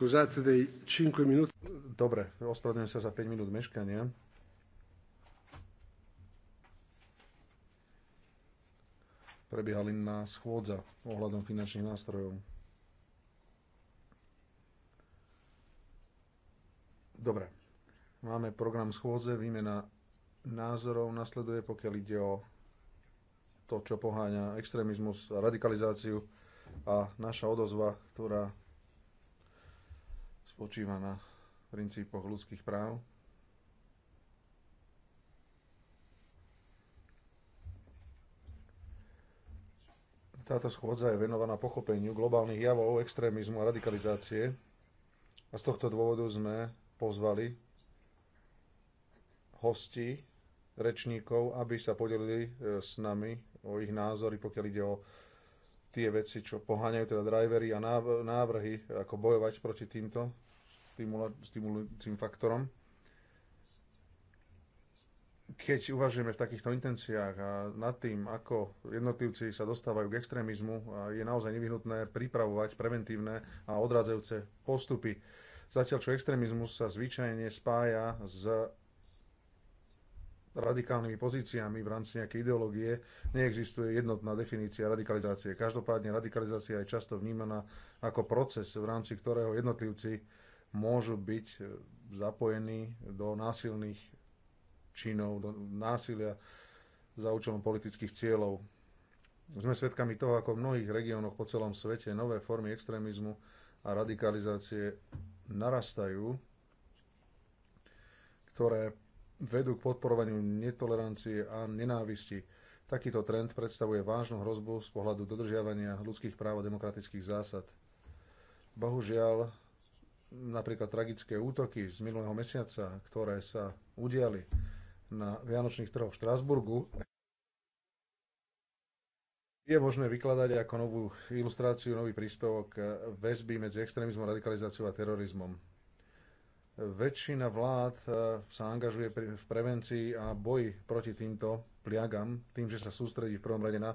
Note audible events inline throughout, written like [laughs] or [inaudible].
Dobre, ospravedlňujem sa za 5 minút meškania. Prebiehali na schôdza ohľadom finančných nástrojov. Dobre, máme program schôdze, výmena názorov nasleduje, pokiaľ ide o to, čo poháňa extrémizmus, radikalizáciu a naša odozva, ktorá spočíva na princípoch ľudských práv. Táto schôdza je venovaná pochopeniu globálnych javov, extrémizmu a radikalizácie. A z tohto dôvodu sme pozvali hosti, rečníkov, aby sa podelili e, s nami o ich názory, pokiaľ ide o tie veci, čo poháňajú teda drivery a návrhy, ako bojovať proti týmto stimulujúcim faktorom. Keď uvažujeme v takýchto intenciách a nad tým, ako jednotlivci sa dostávajú k extrémizmu, je naozaj nevyhnutné pripravovať preventívne a odrádzajúce postupy. Zatiaľ, čo extrémizmus sa zvyčajne spája s radikálnymi pozíciami v rámci nejakej ideológie neexistuje jednotná definícia radikalizácie. Každopádne radikalizácia je často vnímaná ako proces, v rámci ktorého jednotlivci môžu byť e, zapojení do násilných činov, do násilia za účelom politických cieľov. Sme svedkami toho, ako v mnohých regiónoch po celom svete nové formy extrémizmu a radikalizácie narastajú, ktoré vedú k podporovaniu netolerancie a nenávisti. Takýto trend predstavuje vážnu hrozbu z pohľadu dodržiavania ľudských práv a demokratických zásad. Bohužiaľ, napríklad tragické útoky z minulého mesiaca, ktoré sa udiali na Vianočných trhoch v Štrásburgu, je možné vykladať ako novú ilustráciu, nový príspevok väzby medzi extrémizmom, radikalizáciou a terorizmom. Väčšina vlád eh, sa angažuje v prevencii a boji proti týmto pliagam, tým, že sa sústredí v prvom rade na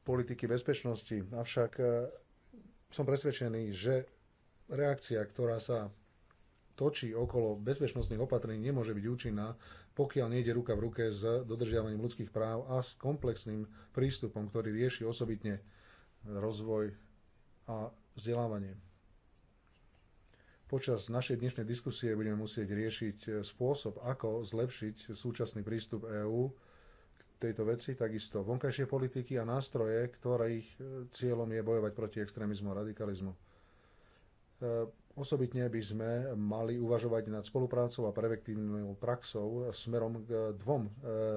politiky bezpečnosti. Avšak eh, som presvedčený, že reakcia, ktorá sa točí okolo bezpečnostných opatrení, nemôže byť účinná, pokiaľ nejde ruka v ruke s dodržiavaním ľudských práv a s komplexným prístupom, ktorý rieši osobitne rozvoj a vzdelávanie. Počas našej dnešnej diskusie budeme musieť riešiť spôsob, ako zlepšiť súčasný prístup EÚ k tejto veci, takisto vonkajšie politiky a nástroje, ktorých cieľom je bojovať proti extrémizmu a radikalizmu E, osobitne by sme mali uvažovať nad spoluprácou a preventívnou praxou smerom k dvom e,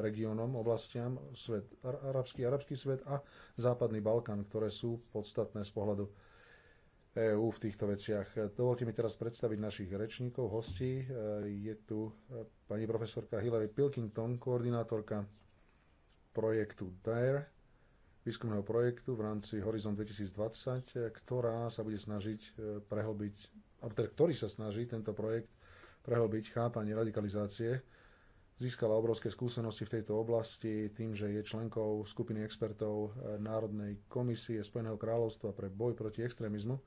regiónom, oblastiam, svet, arabský, arabský svet a západný Balkán, ktoré sú podstatné z pohľadu EÚ v týchto veciach. Dovolte mi teraz predstaviť našich rečníkov, hostí. E, je tu pani profesorka Hilary Pilkington, koordinátorka projektu DARE, výskumného projektu v rámci Horizon 2020, ktorá sa bude snažiť e, prehlbiť, alebo teda, ktorý sa snaží tento projekt prehlbiť chápanie radikalizácie. Získala obrovské skúsenosti v tejto oblasti tým, že je členkou skupiny expertov e, Národnej komisie Spojeného kráľovstva pre boj proti extrémizmu.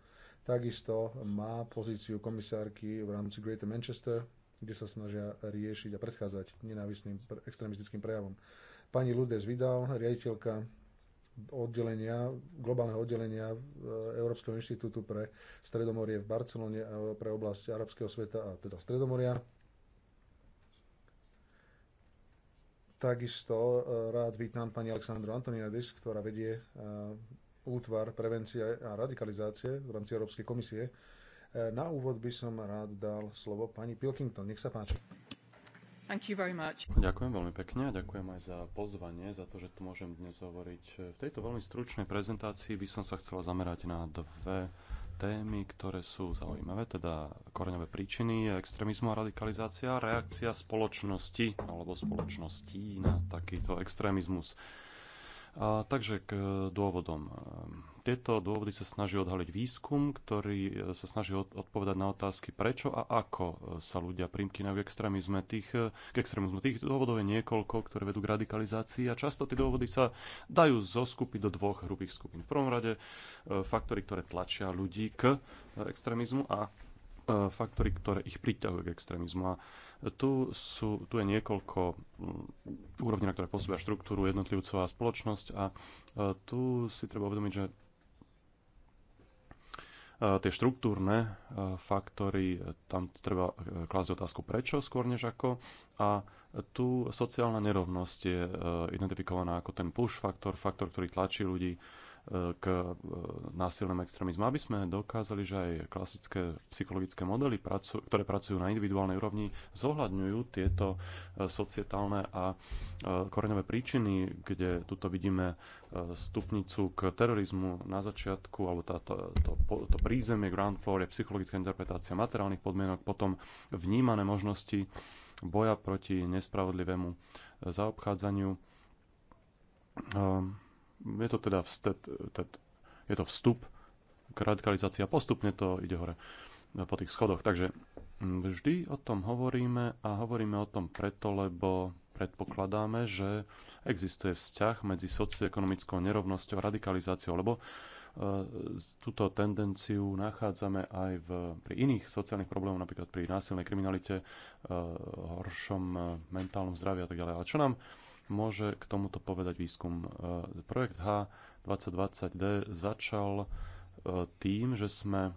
Takisto má pozíciu komisárky v rámci Greater Manchester, kde sa snažia riešiť a predchádzať nenávisným extrémistickým prejavom. Pani Ludes Vidal, riaditeľka oddelenia, globálneho oddelenia e, Európskeho inštitútu pre Stredomorie v Barcelone e, pre oblasť arabského sveta a teda Stredomoria. Takisto e, rád vítam pani Aleksandru Antoniadis, ktorá vedie útvar prevencie a radikalizácie v rámci Európskej komisie. Na úvod by som rád dal slovo pani Pilkington. Nech sa páči. Thank you very much. Ďakujem veľmi pekne a ďakujem aj za pozvanie, za to, že tu môžem dnes hovoriť. V tejto veľmi stručnej prezentácii by som sa chcela zamerať na dve témy, ktoré sú zaujímavé, teda koreňové príčiny extrémizmu a radikalizácia, reakcia spoločnosti alebo spoločností na takýto extrémizmus. A, takže k dôvodom tieto dôvody sa snaží odhaliť výskum, ktorý e, sa snaží odpovedať na otázky, prečo a ako e, sa ľudia primky k extrémizme. Tých, e, k extrémizme. Tých dôvodov je niekoľko, ktoré vedú k radikalizácii a často tie dôvody sa dajú zoskupiť do dvoch hrubých skupín. V prvom rade faktory, ktoré tlačia ľudí k extrémizmu a faktory, ktoré ich priťahujú k extrémizmu. A tu, sú, tu je niekoľko mm, úrovní, na ktoré posúbia štruktúru jednotlivcová spoločnosť a tu si treba uvedomiť, že tie štruktúrne e, faktory, tam treba e, klásť otázku prečo skôr než ako. A tu sociálna nerovnosť je e, identifikovaná ako ten push faktor, faktor, ktorý tlačí ľudí k e, násilnému extrémizmu, aby sme dokázali, že aj klasické psychologické modely, ktoré pracujú na individuálnej úrovni, zohľadňujú tieto e, societálne a e, koreňové príčiny, kde tuto vidíme stupnicu k terorizmu na začiatku, alebo táto, to, to prízemie, ground floor je psychologická interpretácia materiálnych podmienok, potom vnímané možnosti boja proti nespravodlivému zaobchádzaniu. Um, je to teda vstet, teda je to vstup k radikalizácii a postupne to ide hore eh, po tých schodoch. Takže mm, vždy o tom hovoríme a hovoríme o tom preto, lebo predpokladáme, že existuje vzťah medzi socioekonomickou nerovnosťou a radikalizáciou, lebo eh, túto tendenciu nachádzame aj v, pri iných sociálnych problémoch, napríklad pri násilnej kriminalite, eh, horšom mentálnom zdraví a tak ďalej. Ale čo nám môže k tomuto povedať výskum. E, projekt H2020D začal e, tým, že sme e,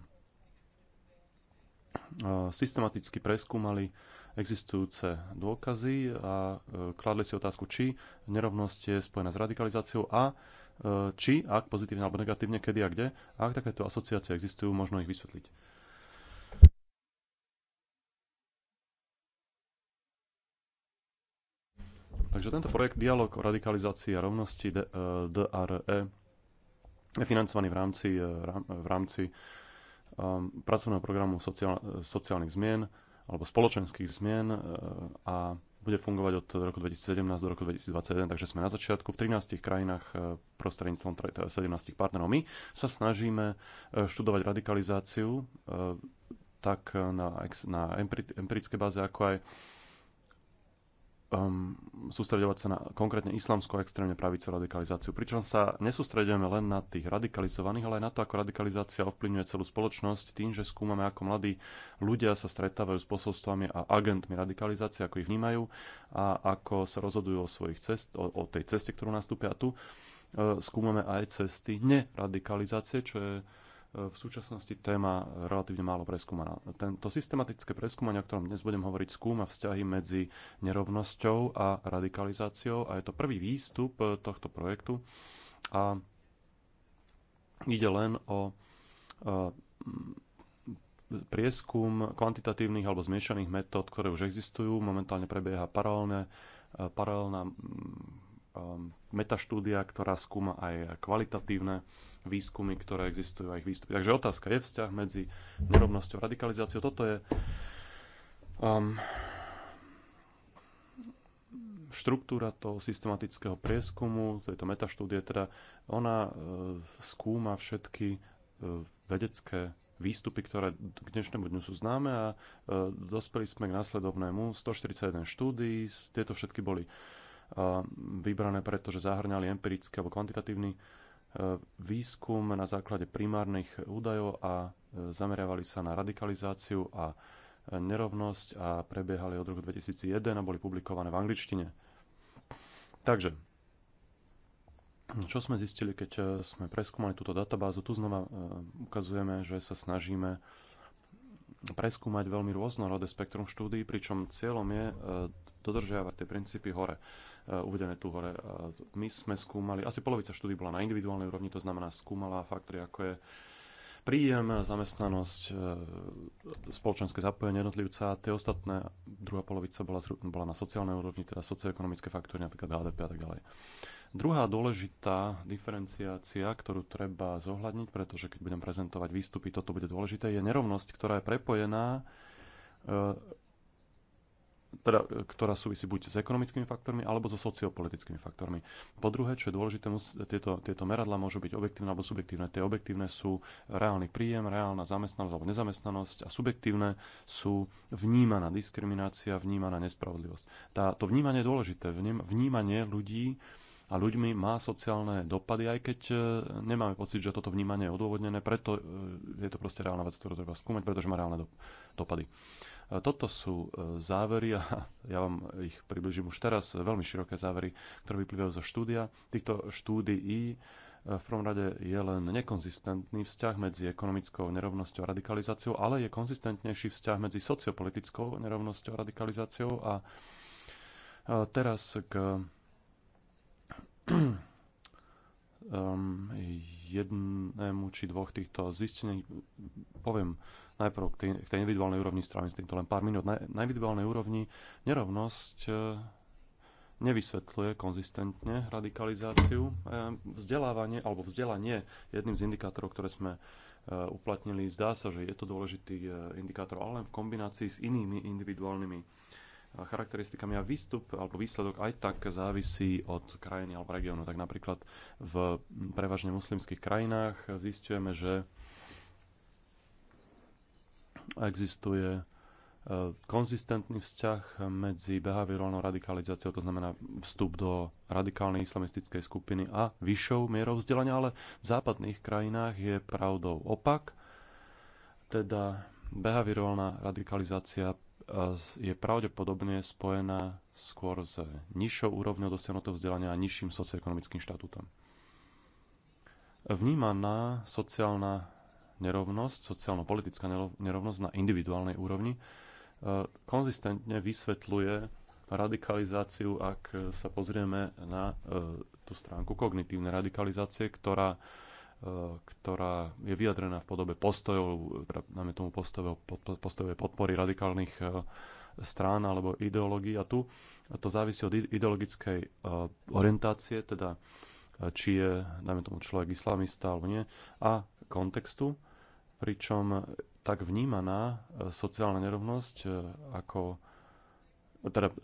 systematicky preskúmali existujúce dôkazy a kladli si otázku, či nerovnosť je spojená s radikalizáciou a či, ak pozitívne alebo negatívne, kedy a kde. ak takéto asociácie existujú, možno ich vysvetliť. Takže tento projekt Dialog o radikalizácii a rovnosti DRE e je financovaný v rámci, e, e, v rámci pracovného programu sociál, sociálnych zmien alebo spoločenských zmien a bude fungovať od roku 2017 do roku 2021, takže sme na začiatku v 13 krajinách prostredníctvom 17 teda partnerov. My sa snažíme študovať radikalizáciu tak na, na empirické báze, ako aj um, sústredovať sa na konkrétne islamskú extrémne pravicú radikalizáciu. Pričom sa nesústredujeme len na tých radikalizovaných, ale aj na to, ako radikalizácia ovplyvňuje celú spoločnosť tým, že skúmame, ako mladí ľudia sa stretávajú s posolstvami a agentmi radikalizácie, ako ich vnímajú a ako sa rozhodujú o, svojich cest, o, o tej ceste, ktorú nastúpia tu. Uh, skúmame aj cesty neradikalizácie, čo je v súčasnosti téma relatívne málo preskúmaná. Tento systematické preskúmanie, o ktorom dnes budem hovoriť, skúma vzťahy medzi nerovnosťou a radikalizáciou a je to prvý výstup eh, tohto projektu a ide len o eh, prieskum kvantitatívnych alebo zmiešaných metód, ktoré už existujú. Momentálne prebieha eh, paralelná Um, metaštúdia, ktorá skúma aj kvalitatívne výskumy, ktoré existujú aj ich výstupy. Takže otázka je vzťah medzi nerovnosťou a radikalizáciou. Toto je um, štruktúra toho systematického prieskumu, tejto metaštúdie, teda ona e, skúma všetky e, vedecké výstupy, ktoré k dnešnému dňu sú známe a e, dospeli sme k následovnému 141 štúdií, tieto všetky boli vybrané, pretože zahrňali empirický alebo kvantitatívny e, výskum na základe primárnych údajov a e, zameriavali sa na radikalizáciu a e, nerovnosť a prebiehali od roku 2001 a boli publikované v angličtine. Takže, čo sme zistili, keď sme preskúmali túto databázu? Tu znova ukazujeme, že sa snažíme preskúmať veľmi rôznorodé spektrum štúdií, pričom cieľom je dodržiavať tie princípy hore, e, uvedené tu hore. E, my sme skúmali, asi polovica štúdí bola na individuálnej úrovni, to znamená skúmala faktory, ako je príjem, zamestnanosť, e, spoločenské zapojenie jednotlivca a tie ostatné, druhá polovica bola, bola na sociálnej úrovni, teda socioekonomické faktory, napríklad HDP a tak ďalej. Druhá dôležitá diferenciácia, ktorú treba zohľadniť, pretože keď budem prezentovať výstupy, toto bude dôležité, je nerovnosť, ktorá je prepojená teda, e, ktorá súvisí buď s ekonomickými faktormi alebo so sociopolitickými faktormi. Po druhé, čo je dôležité, tieto, tieto meradla môžu byť objektívne alebo subjektívne. Tie objektívne sú reálny príjem, reálna zamestnanosť alebo nezamestnanosť a subjektívne sú vnímaná diskriminácia, vnímaná nespravodlivosť. Tá, to vnímanie je dôležité. Vnímanie ľudí a ľuďmi má sociálne dopady, aj keď e, nemáme pocit, že toto vnímanie je odôvodnené, preto e, je to proste reálna vec, ktorú treba skúmať, pretože má reálne dopady. Toto sú e, závery a [laughs] ja vám ich približím už teraz, veľmi široké závery, ktoré vyplývajú zo štúdia. Týchto štúdií e, v prvom rade je len nekonzistentný vzťah medzi ekonomickou nerovnosťou a radikalizáciou, ale je konzistentnejší vzťah medzi sociopolitickou nerovnosťou a radikalizáciou. A e, teraz k [clears throat] um, jednému či dvoch týchto zistení. Poviem najprv k tej, k tej individuálnej úrovni, strávim s týmto len pár minút. Na, na individuálnej úrovni nerovnosť e, nevysvetľuje konzistentne radikalizáciu. E, vzdelávanie alebo vzdelanie je jedným z indikátorov, ktoré sme e, uplatnili. Zdá sa, že je to dôležitý indikátor, ale len v kombinácii s inými individuálnymi charakteristikami a výstup alebo výsledok aj tak závisí od krajiny alebo regiónu. Tak napríklad v prevažne muslimských krajinách zistujeme, že existuje e, konzistentný vzťah medzi behaviorálnou radikalizáciou, to znamená vstup do radikálnej islamistickej skupiny a vyššou mierou vzdelania, ale v západných krajinách je pravdou opak, teda behaviorálna radikalizácia je pravdepodobne spojená skôr s nižšou úrovňou dosiahnutého vzdelania a nižším socioekonomickým štatútom. Vnímaná sociálna nerovnosť, sociálno-politická nerovnosť na individuálnej úrovni e, konzistentne vysvetľuje radikalizáciu, ak sa pozrieme na e, tú stránku kognitívnej radikalizácie, ktorá E, ktorá je vyjadrená v podobe postojov, teda najmä tomu postojov, podpory radikálnych e, strán alebo ideológií. A tu to závisí od ideologickej e, orientácie, teda či je, dajme tomu, človek islamista alebo nie, a kontextu, pričom tak vnímaná sociálna nerovnosť ako teda e,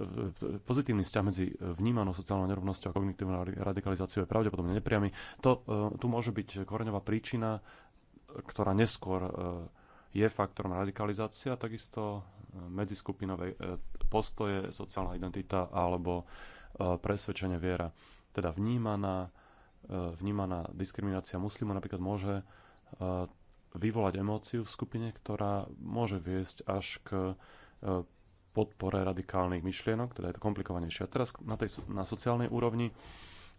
pozitívny vzťah medzi vnímanou sociálnou nerovnosťou a kognitívnou radikalizáciou je pravdepodobne nepriamy. To, e, tu môže byť koreňová príčina, ktorá neskôr e, je faktorom radikalizácia, takisto medziskupinové postoje, sociálna identita alebo presvedčenie viera. Teda vnímaná, vnímaná diskriminácia muslimov napríklad môže vyvolať emóciu v skupine, ktorá môže viesť až k podpore radikálnych myšlienok, teda je to komplikovanejšie. A teraz na, tej, na sociálnej úrovni,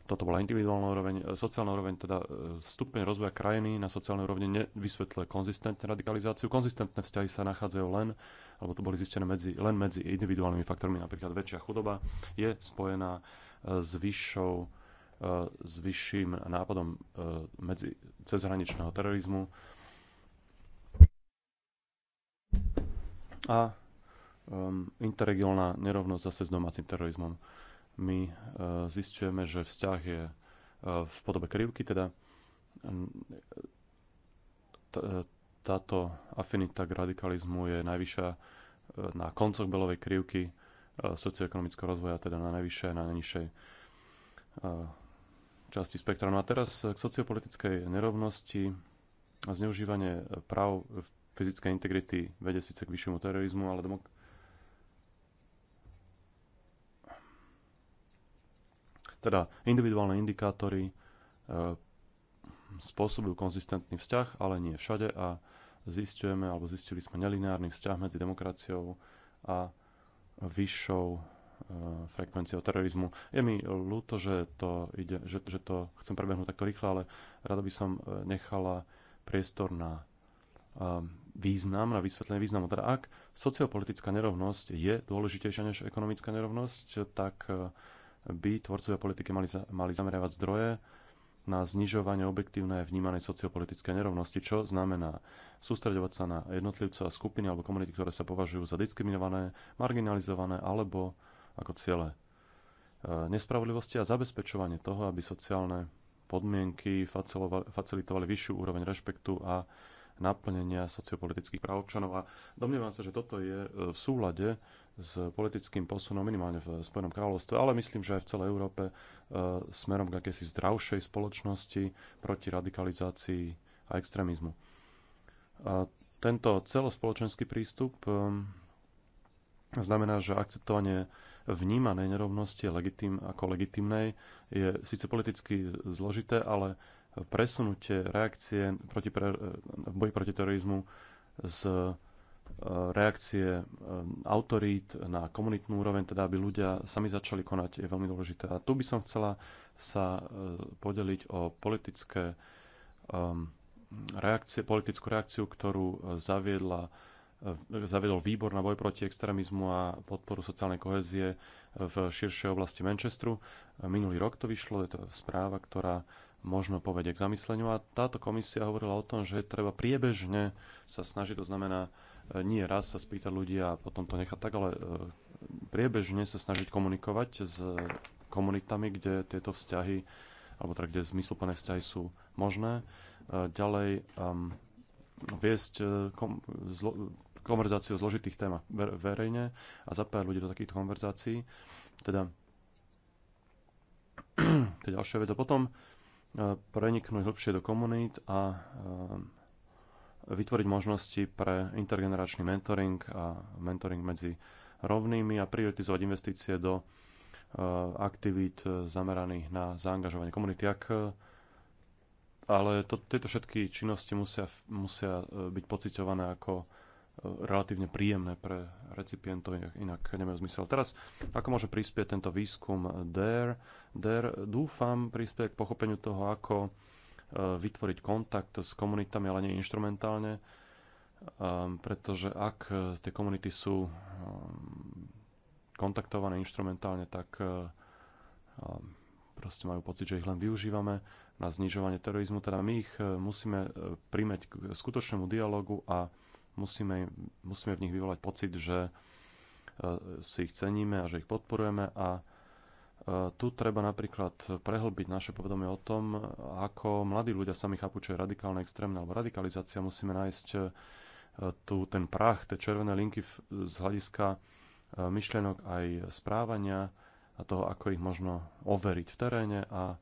toto bola individuálna úroveň, e, sociálna úroveň, teda e, stupeň rozvoja krajiny na sociálnej úrovni nevysvetľuje konzistentne radikalizáciu. Konzistentné vzťahy sa nachádzajú len, alebo to boli zistené medzi, len medzi individuálnymi faktormi, napríklad väčšia chudoba je spojená e, s vyššou s vyšším nápadom medzi cezhraničného terorizmu. A um, interregionálna nerovnosť zase s domácim terorizmom. My uh, zistujeme, že vzťah je uh, v podobe krivky, teda um, uh, táto afinita k radikalizmu je najvyššia uh, na koncoch belovej krivky uh, socioekonomického rozvoja, teda na najvyššej a na najnižšej časti spektra. No a teraz k sociopolitickej nerovnosti. a Zneužívanie práv fyzickej integrity vedie síce k vyššiemu terorizmu, ale Teda individuálne indikátory e, spôsobujú konzistentný vzťah, ale nie všade a zistujeme alebo zistili sme nelineárny vzťah medzi demokraciou a vyššou e, frekvenciou terorizmu. Je mi ľúto, že to, ide, že, že to chcem prebehnúť takto rýchlo, ale rada by som e, nechala priestor na význam, na vysvetlenie významu. Teda ak sociopolitická nerovnosť je dôležitejšia než ekonomická nerovnosť, tak by tvorcovia politiky mali, za, mali zameriavať zdroje na znižovanie objektívnej vnímanej sociopolitické nerovnosti, čo znamená sústredovať sa na jednotlivcov a skupiny alebo komunity, ktoré sa považujú za diskriminované, marginalizované alebo ako ciele e, nespravodlivosti a zabezpečovanie toho, aby sociálne podmienky facilitovali vyššiu úroveň rešpektu a naplnenia sociopolitických práv občanov. A domnievam sa, že toto je e, v súlade s politickým posunom minimálne v Spojenom kráľovstve, ale myslím, že aj v celej Európe e, smerom k akési zdravšej spoločnosti proti radikalizácii a extrémizmu. A e, tento celospoločenský prístup znamená, že akceptovanie vnímanej nerovnosti legitim, ako legitimnej je síce politicky zložité, ale presunutie reakcie proti, v boji proti terorizmu z e, reakcie e, autorít na komunitnú úroveň, teda aby ľudia sami začali konať, je veľmi dôležité. A tu by som chcela sa e, podeliť o politické um, reakcie, politickú reakciu, ktorú zaviedla zavedol výbor na boj proti extrémizmu a podporu sociálnej kohezie v širšej oblasti Manchesteru. Minulý rok to vyšlo, je to správa, ktorá možno povedie k zamysleniu. A táto komisia hovorila o tom, že treba priebežne sa snažiť, to znamená e, nie raz sa spýtať ľudí a potom to nechať tak, ale e, priebežne sa snažiť komunikovať s komunitami, kde tieto vzťahy, alebo teda kde zmysluplné vzťahy sú možné. E, ďalej um, viesť kom, zlo, konverzáciu o zložitých témach verejne a zapájať ľudí do takýchto konverzácií. Teda [clears throat] to je ďalšia vec. A potom E, preniknúť hĺbšie do komunít a e, vytvoriť možnosti pre intergeneračný mentoring a mentoring medzi rovnými a prioritizovať investície do e, aktivít zameraných na zaangažovanie komunity. Ak, ale to, tieto všetky činnosti musia, musia byť pociťované ako relatívne príjemné pre recipientov, inak nemajú zmysel. Teraz, ako môže prispieť tento výskum DARE? DARE dúfam prispieť k pochopeniu toho, ako e, vytvoriť kontakt s komunitami, ale nie inštrumentálne, e, pretože ak e, tie komunity sú kontaktované inštrumentálne, tak proste majú pocit, že ich len využívame na znižovanie terorizmu, teda my ich musíme primeť k skutočnému dialogu a musíme, musíme v nich vyvolať pocit, že e, si ich ceníme a že ich podporujeme a e, tu treba napríklad prehlbiť naše povedomie o tom, ako mladí ľudia sami chápu, čo je radikálne, extrémne alebo radikalizácia. Musíme nájsť e, tu ten prach, tie červené linky z hľadiska myšlienok aj správania a toho, ako ich možno overiť v teréne. A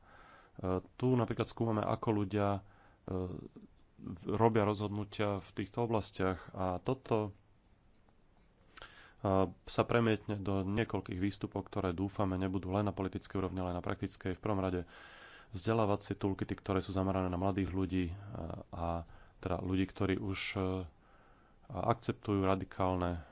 tu napríklad skúmame, ako ľudia robia rozhodnutia v týchto oblastiach. A toto sa premietne do niekoľkých výstupov, ktoré dúfame nebudú len na politickej úrovni, ale aj na praktickej. V prvom rade vzdelávacie toolkity, ktoré sú zamerané na mladých ľudí a teda ľudí, ktorí už akceptujú radikálne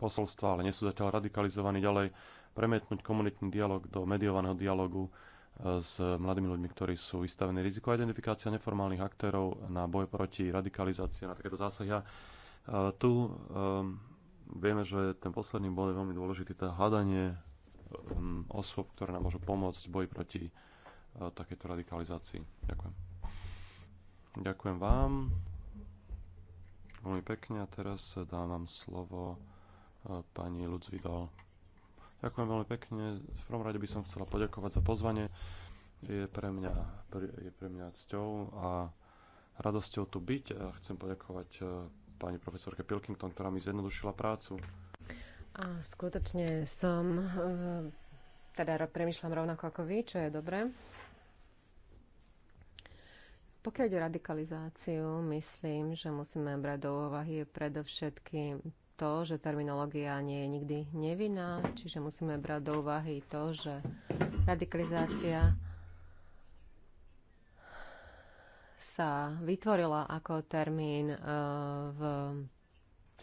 posolstva, ale nie sú zatiaľ radikalizovaní ďalej, premietnúť komunitný dialog do mediovaného dialogu, s mladými ľuďmi, ktorí sú vystavení riziku. Identifikácia neformálnych aktérov na boj proti radikalizácii na takéto zásahy. A e, tu um, vieme, že ten posledný bod je veľmi dôležitý, to teda hľadanie um, osôb, ktoré nám môžu pomôcť v boji proti uh, takéto radikalizácii. Ďakujem. Ďakujem vám veľmi pekne a teraz dávam slovo uh, pani Ludzvidal. Ďakujem veľmi pekne. V prvom rade by som chcela poďakovať za pozvanie. Je pre mňa, je pre mňa cťou a radosťou tu byť a chcem poďakovať e, pani profesorke Pilkington, ktorá mi zjednodušila prácu. A skutočne som, e, teda premyšľam rovnako ako vy, čo je dobré. Pokiaľ ide o radikalizáciu, myslím, že musíme brať do úvahy predovšetkým to, že terminológia nie je nikdy nevinná, čiže musíme brať do úvahy to, že radikalizácia sa vytvorila ako termín e, v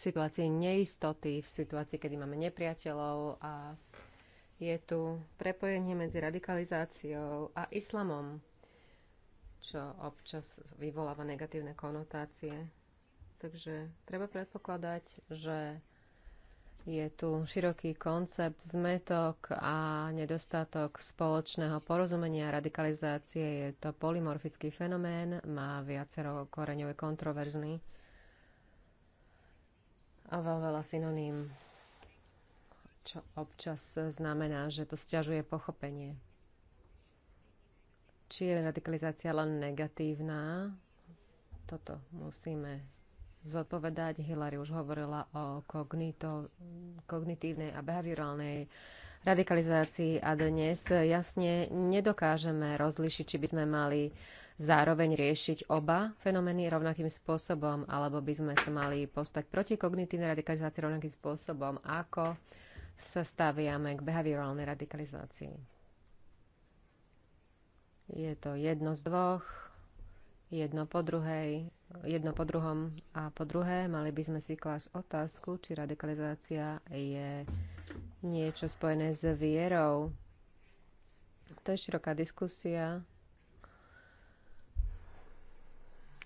situácii neistoty, v situácii, kedy máme nepriateľov a je tu prepojenie medzi radikalizáciou a islamom, čo občas vyvoláva negatívne konotácie. Takže treba predpokladať, že je tu široký koncept zmetok a nedostatok spoločného porozumenia. Radikalizácie je to polymorfický fenomén, má viacero koreňov, kontroverzný a má veľa synoným, čo občas znamená, že to stiažuje pochopenie. Či je radikalizácia len negatívna, toto musíme zodpovedať. Hilary už hovorila o kognito, kognitívnej a behaviorálnej radikalizácii a dnes jasne nedokážeme rozlišiť, či by sme mali zároveň riešiť oba fenomény rovnakým spôsobom, alebo by sme sa mali postať proti kognitívnej radikalizácii rovnakým spôsobom, ako sa staviame k behaviorálnej radikalizácii. Je to jedno z dvoch, jedno po druhej jedno po druhom. A po druhé, mali by sme si klásť otázku, či radikalizácia je niečo spojené s vierou. To je široká diskusia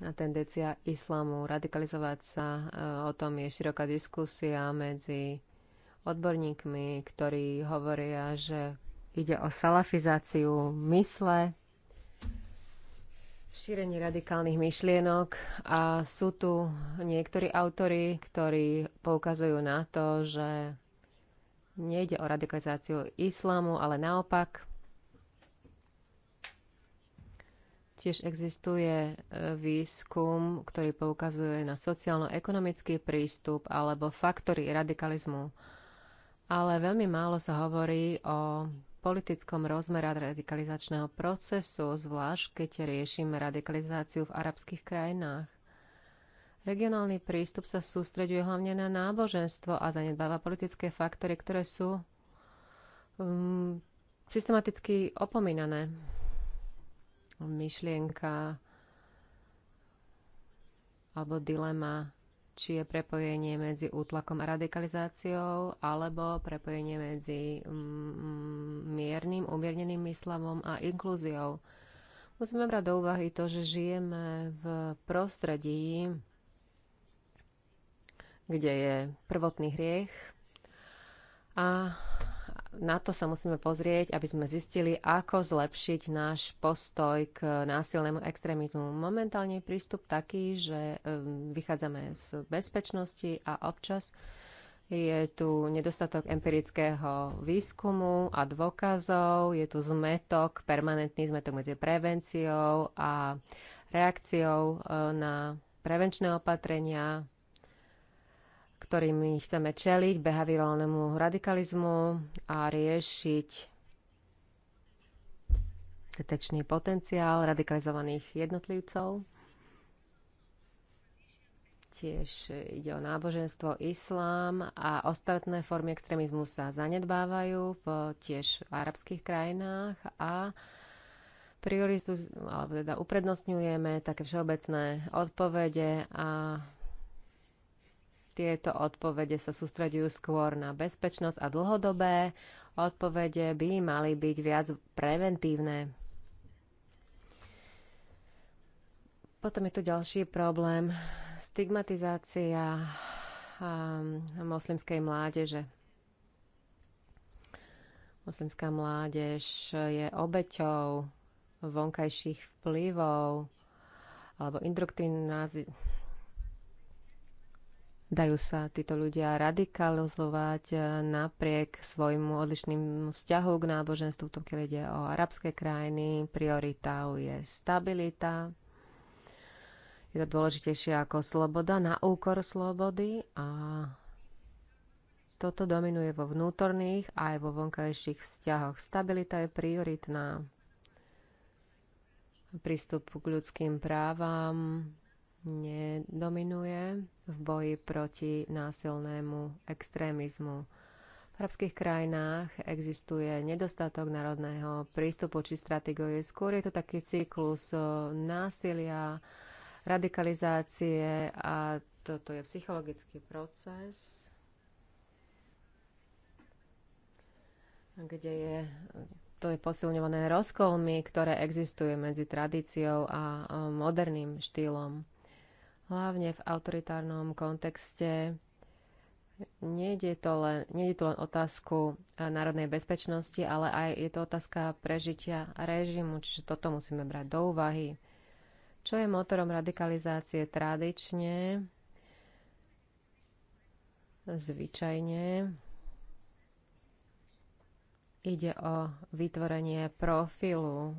a tendencia islamu radikalizovať sa. Eh, o tom je široká diskusia medzi odborníkmi, ktorí hovoria, že ide o salafizáciu mysle, šírenie radikálnych myšlienok a sú tu niektorí autory, ktorí poukazujú na to, že nejde o radikalizáciu islámu, ale naopak Tiež existuje e, výskum, ktorý poukazuje na sociálno-ekonomický prístup alebo faktory radikalizmu. Ale veľmi málo sa hovorí o politickom rozmere radikalizačného procesu, zvlášť keď riešime radikalizáciu v arabských krajinách. Regionálny prístup sa sústreďuje hlavne na náboženstvo a zanedbáva politické faktory, ktoré sú um, systematicky opomínané. Myšlienka alebo dilema či je prepojenie medzi útlakom a radikalizáciou, alebo prepojenie medzi mm, mm, miernym, umierneným myslavom a inklúziou. Musíme brať do úvahy to, že žijeme v prostredí, kde je prvotný hriech a na to sa musíme pozrieť, aby sme zistili, ako zlepšiť náš postoj k násilnému extrémizmu. Momentálne je prístup taký, že vychádzame z bezpečnosti a občas je tu nedostatok empirického výskumu a dôkazov, je tu zmetok, permanentný zmetok medzi prevenciou a reakciou e, na prevenčné opatrenia, ktorými chceme čeliť behaviorálnemu radikalizmu a riešiť detečný potenciál radikalizovaných jednotlivcov. Tiež ide o náboženstvo, islám a ostatné formy extrémizmu sa zanedbávajú v tiež v arabských krajinách a prioritu, alebo teda uprednostňujeme také všeobecné odpovede a tieto odpovede sa sústreďujú skôr na bezpečnosť a dlhodobé odpovede by mali byť viac preventívne. Potom je tu ďalší problém. Stigmatizácia um, moslimskej mládeže. Moslimská mládež je obeťou vonkajších vplyvov alebo indoktrinácie Dajú sa títo ľudia radikalizovať e, napriek svojmu odlišným vzťahu k náboženstvu, keď ide o arabské krajiny. Prioritou je stabilita. Je to dôležitejšie ako sloboda na úkor slobody a toto dominuje vo vnútorných aj vo vonkajších vzťahoch. Stabilita je prioritná. Prístup k ľudským právam, nedominuje v boji proti násilnému extrémizmu. V arabských krajinách existuje nedostatok národného prístupu či stratégie. Skôr je to taký cyklus eh, násilia, radikalizácie a toto je psychologický proces, kde je, to je posilňované rozkolmi, ktoré existujú medzi tradíciou a eh, moderným štýlom hlavne v autoritárnom kontexte. Nejde to len, nejde to len otázku národnej bezpečnosti, ale aj je to otázka prežitia režimu, čiže toto musíme brať do úvahy. Čo je motorom radikalizácie tradične? Zvyčajne ide o vytvorenie profilu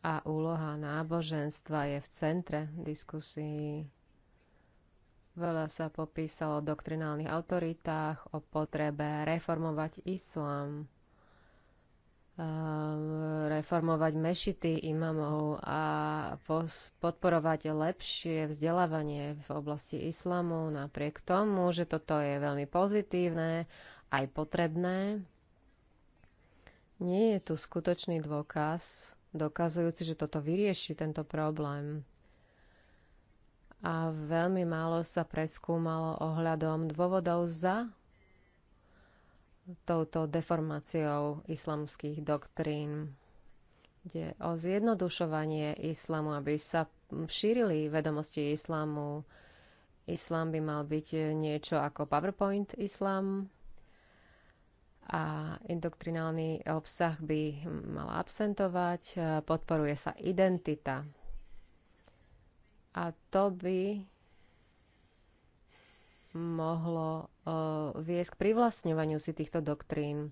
a úloha náboženstva je v centre diskusí. Veľa sa popísalo o doktrinálnych autoritách, o potrebe reformovať islám, ehm, reformovať mešity imamov a podporovať lepšie vzdelávanie v oblasti islamu, napriek tomu, že toto je veľmi pozitívne, aj potrebné. Nie je tu skutočný dôkaz dokazujúci, že toto vyrieši tento problém. A veľmi málo sa preskúmalo ohľadom dôvodov za touto deformáciou islamských doktrín. Ide o zjednodušovanie islamu, aby sa šírili vedomosti islamu. Islam by mal byť niečo ako PowerPoint islam, a indoktrinálny obsah by mal absentovať. E, podporuje sa identita. A to by mohlo e, viesť k privlastňovaniu si týchto doktrín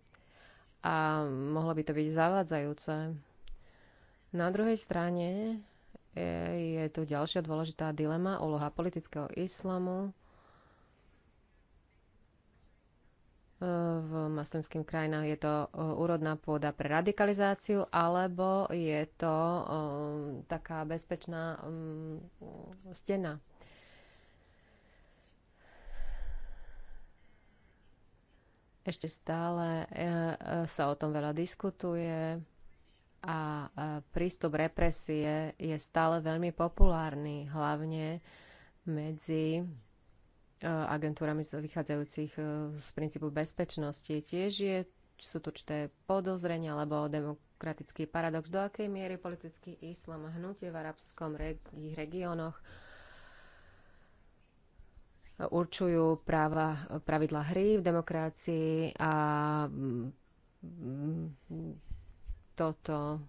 a mohlo by to byť zavádzajúce. Na druhej strane je, je tu ďalšia dôležitá dilema, úloha politického islamu v maslimským krajinách je to e, úrodná pôda pre radikalizáciu, alebo je to e, taká bezpečná mm, stena. Ešte stále e, sa o tom veľa diskutuje a prístup represie je stále veľmi populárny, hlavne medzi E, agentúrami vychádzajúcich e, z princípu bezpečnosti. Tiež je, sú tu čité podozrenia alebo demokratický paradox, do akej miery politický islam a hnutie v arabskom reg- regiónoch určujú práva, pravidla hry v demokracii a mm, mm, toto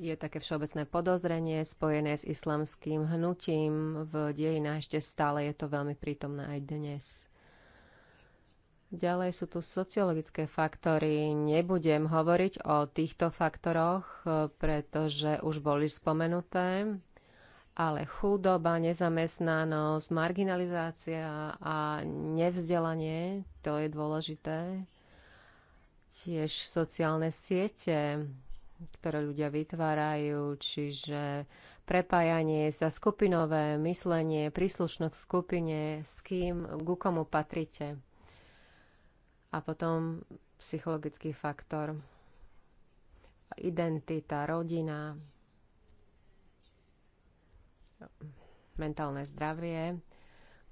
je také všeobecné podozrenie spojené s islamským hnutím v dejinách. Ešte stále je to veľmi prítomné aj dnes. Ďalej sú tu sociologické faktory. Nebudem hovoriť o týchto faktoroch, pretože už boli spomenuté, ale chudoba, nezamestnanosť, marginalizácia a nevzdelanie, to je dôležité. Tiež sociálne siete, ktoré ľudia vytvárajú, čiže prepájanie sa, skupinové myslenie, príslušnosť k skupine, s kým, ku komu patrite. A potom psychologický faktor, identita, rodina, mentálne zdravie.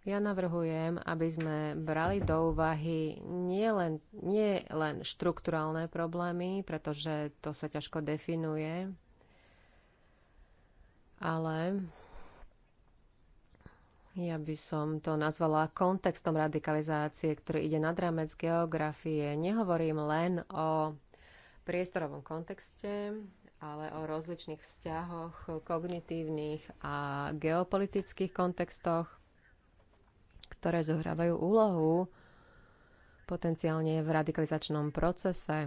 Ja navrhujem, aby sme brali do úvahy nielen nie len štrukturálne problémy, pretože to sa ťažko definuje, ale ja by som to nazvala kontextom radikalizácie, ktorý ide nad rámec geografie. Nehovorím len o priestorovom kontexte, ale o rozličných vzťahoch, kognitívnych a geopolitických kontextoch ktoré zohrávajú úlohu potenciálne v radikalizačnom procese.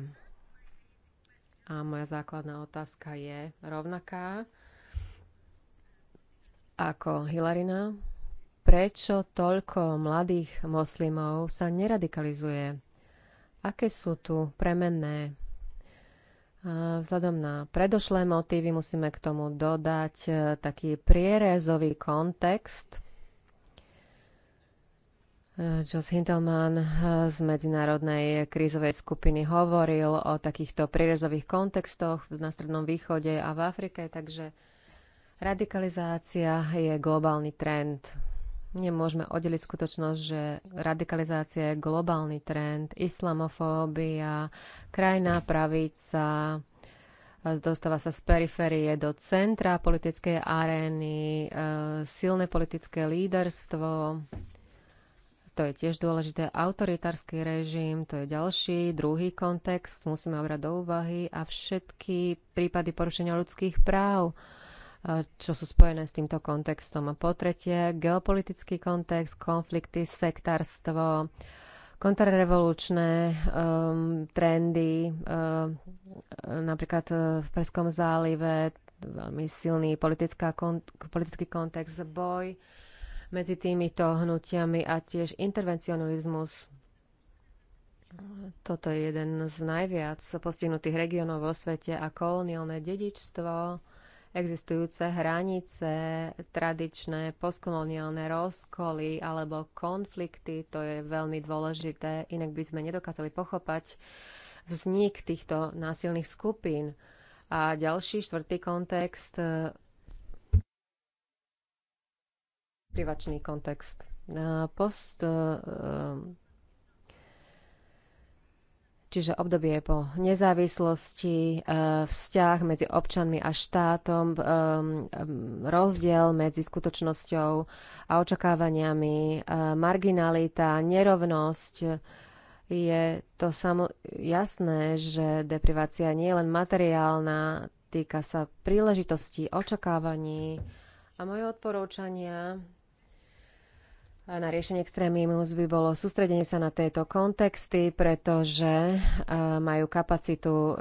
A moja základná otázka je rovnaká ako Hilarina. Prečo toľko mladých moslimov sa neradikalizuje? Aké sú tu premenné? vzhľadom na predošlé motívy musíme k tomu dodať eh, taký prierezový kontext, Jos Hintelman eh, z medzinárodnej krízovej skupiny hovoril o takýchto prírezových kontextoch v Nastrednom východe a v Afrike, takže radikalizácia je globálny trend. Nemôžeme oddeliť skutočnosť, že radikalizácia je globálny trend, islamofóbia, krajná pravica, eh, dostáva sa z periférie do centra politickej arény, eh, silné politické líderstvo, to je tiež dôležité. Autoritársky režim, to je ďalší, druhý kontext, musíme obrať do úvahy a všetky prípady porušenia ľudských práv, čo sú spojené s týmto kontextom. A po tretie, geopolitický kontext, konflikty, sektárstvo, kontrarevolučné um, trendy, um, napríklad uh, v Perskom zálive, veľmi silný politická, politický kontext, boj medzi týmito hnutiami a tiež intervencionalizmus. Toto je jeden z najviac postihnutých regiónov vo svete a koloniálne dedičstvo, existujúce hranice, tradičné postkoloniálne rozkoly alebo konflikty, to je veľmi dôležité, inak by sme nedokázali pochopať vznik týchto násilných skupín. A ďalší, štvrtý kontext, privačný kontext. Post, e, e, čiže obdobie po nezávislosti, e, vzťah medzi občanmi a štátom, rozdiel medzi skutočnosťou a očakávaniami, marginalita, nerovnosť, je to samo jasné, že deprivácia nie je len materiálna, týka sa príležitostí, očakávaní a moje odporúčania na riešenie extrémizmus by bolo sústredenie sa na tieto kontexty, pretože e, majú kapacitu e,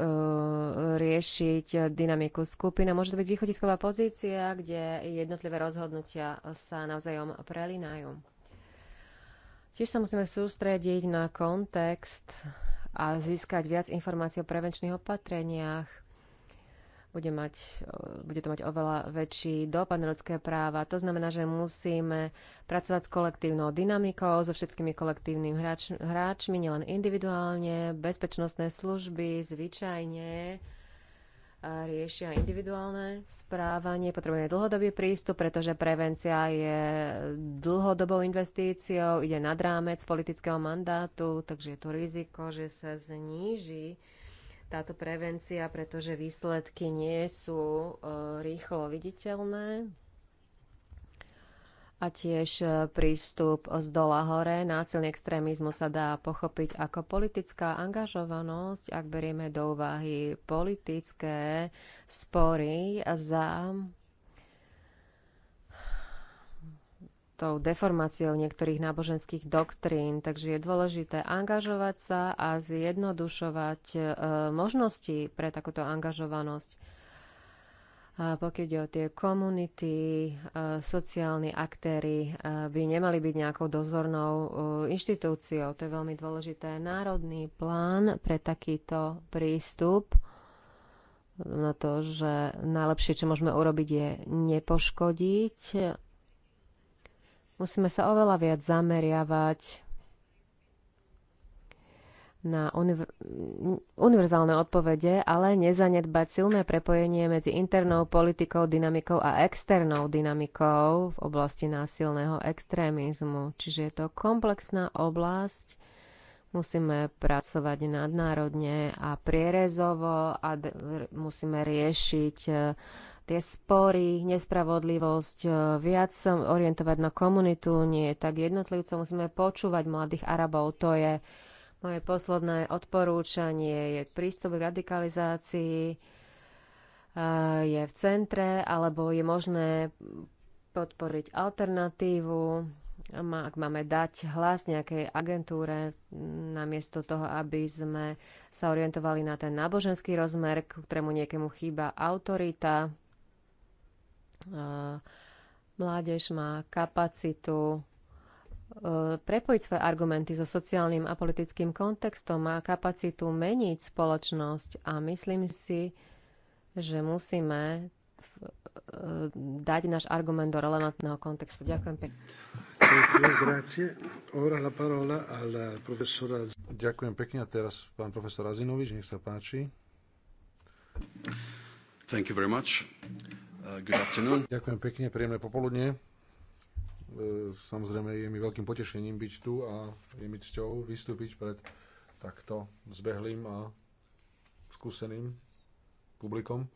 riešiť dynamiku skupina. a môže to byť východisková pozícia, kde jednotlivé rozhodnutia sa navzájom prelinajú. Tiež sa musíme sústrediť na kontext a získať viac informácií o prevenčných opatreniach, bude, mať, e, bude to mať oveľa väčší dopad na ľudské práva. To znamená, že musíme pracovať s kolektívnou dynamikou, so všetkými kolektívnymi hráč, hráčmi, nielen individuálne. Bezpečnostné služby zvyčajne e, riešia individuálne správanie, potrebujeme dlhodobý prístup, pretože prevencia je dlhodobou investíciou, ide nad rámec politického mandátu, takže je to riziko, že sa zníži táto prevencia, pretože výsledky nie sú e, rýchlo viditeľné. A tiež e, prístup z dola hore. Násilný extrémizmu sa dá pochopiť ako politická angažovanosť, ak berieme do úvahy politické spory za tou deformáciou niektorých náboženských doktrín, takže je dôležité angažovať sa a zjednodušovať e, možnosti pre takúto angažovanosť. A pokiaľ ide o tie komunity, e, sociálni aktéry e, by nemali byť nejakou dozornou inštitúciou. To je veľmi dôležité. Národný plán pre takýto prístup na to, že najlepšie, čo môžeme urobiť, je nepoškodiť Musíme sa oveľa viac zameriavať na univer- univerzálne odpovede, ale nezanedbať silné prepojenie medzi internou politikou, dynamikou a externou dynamikou v oblasti násilného extrémizmu. Čiže je to komplexná oblasť, musíme pracovať nadnárodne a prierezovo a musíme riešiť tie spory, nespravodlivosť, e, viac orientovať na komunitu, nie tak jednotlivcov. Musíme počúvať mladých Arabov. To je moje posledné odporúčanie. Je prístup k radikalizácii e, je v centre, alebo je možné podporiť alternatívu, ak máme dať hlas nejakej agentúre, namiesto toho, aby sme sa orientovali na ten náboženský rozmer, ktorému niekému chýba autorita, mládež má kapacitu prepojiť svoje argumenty so sociálnym a politickým kontextom, má kapacitu meniť spoločnosť a myslím si, že musíme dať náš argument do relevantného kontextu. Ďakujem pekne. Ďakujem pekne a teraz pán profesor Azinovič, nech sa páči. Thank you very much. Uh, good afternoon. Ďakujem pekne, príjemné popoludne. Uh, samozrejme je mi veľkým potešením byť tu a je mi cťou vystúpiť pred takto zbehlým a skúseným publikom.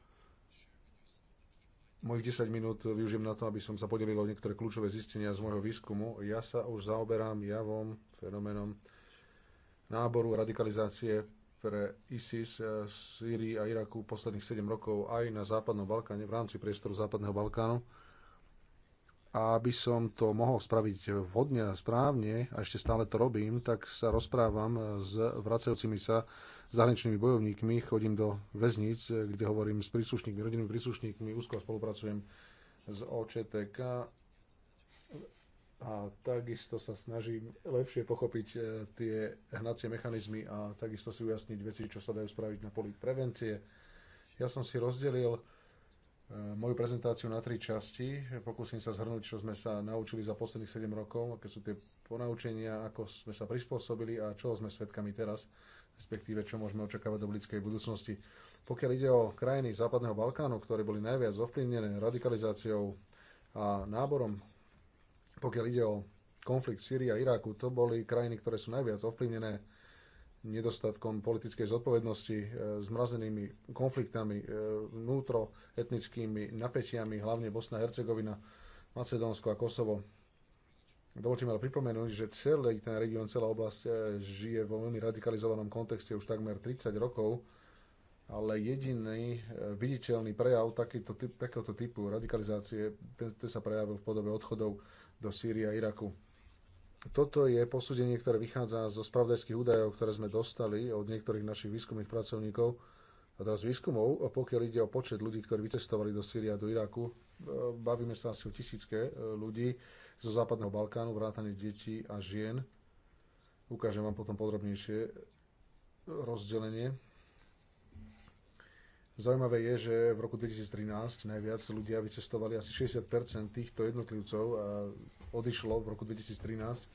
Mojich 10 minút využijem na to, aby som sa podelil o niektoré kľúčové zistenia z môjho výskumu. Ja sa už zaoberám javom, fenomenom náboru radikalizácie pre ISIS eh, v Sýrii a Iraku posledných 7 rokov aj na Západnom Balkáne, v rámci priestoru Západného Balkánu. A aby som to mohol spraviť vhodne a správne, a ešte stále to robím, tak sa rozprávam eh, s vracajúcimi sa zahraničnými bojovníkmi, chodím do väzníc, eh, kde hovorím s príslušníkmi, rodinnými príslušníkmi, úzko spolupracujem s OČTK a takisto sa snažím lepšie pochopiť e, tie hnacie mechanizmy a takisto si ujasniť veci, čo sa dajú spraviť na poli prevencie. Ja som si rozdelil e, moju prezentáciu na tri časti. Pokúsim sa zhrnúť, čo sme sa naučili za posledných 7 rokov, aké sú tie ponaučenia, ako sme sa prispôsobili a čo sme svedkami teraz, respektíve čo môžeme očakávať do blízkej budúcnosti. Pokiaľ ide o krajiny Západného Balkánu, ktoré boli najviac ovplyvnené radikalizáciou a náborom pokiaľ ide o konflikt v a Iraku, to boli krajiny, ktoré sú najviac ovplyvnené nedostatkom politickej zodpovednosti, e, zmrazenými konfliktami, e, vnútroetnickými napätiami, hlavne Bosna, Hercegovina, Macedónsko a Kosovo. Dovolte mi ale pripomenúť, že celý ten región, celá oblasť e, žije vo veľmi radikalizovanom kontexte už takmer 30 rokov, ale jediný viditeľný prejav takýto, typ, takéhoto typu radikalizácie, ten, ten sa prejavil v podobe odchodov do Sýrie a Iraku. Toto je posúdenie, ktoré vychádza zo spravodajských údajov, ktoré sme dostali od niektorých našich výskumných pracovníkov, a teraz výskumov, pokiaľ ide o počet ľudí, ktorí vycestovali do Sýrie a do Iraku, e, bavíme sa asi o tisícke e, ľudí zo západného Balkánu, vrátane detí a žien. Ukážem vám potom podrobnejšie rozdelenie Zaujímavé je, že v roku 2013 najviac ľudia vycestovali, asi 60% týchto jednotlivcov odišlo v roku 2013.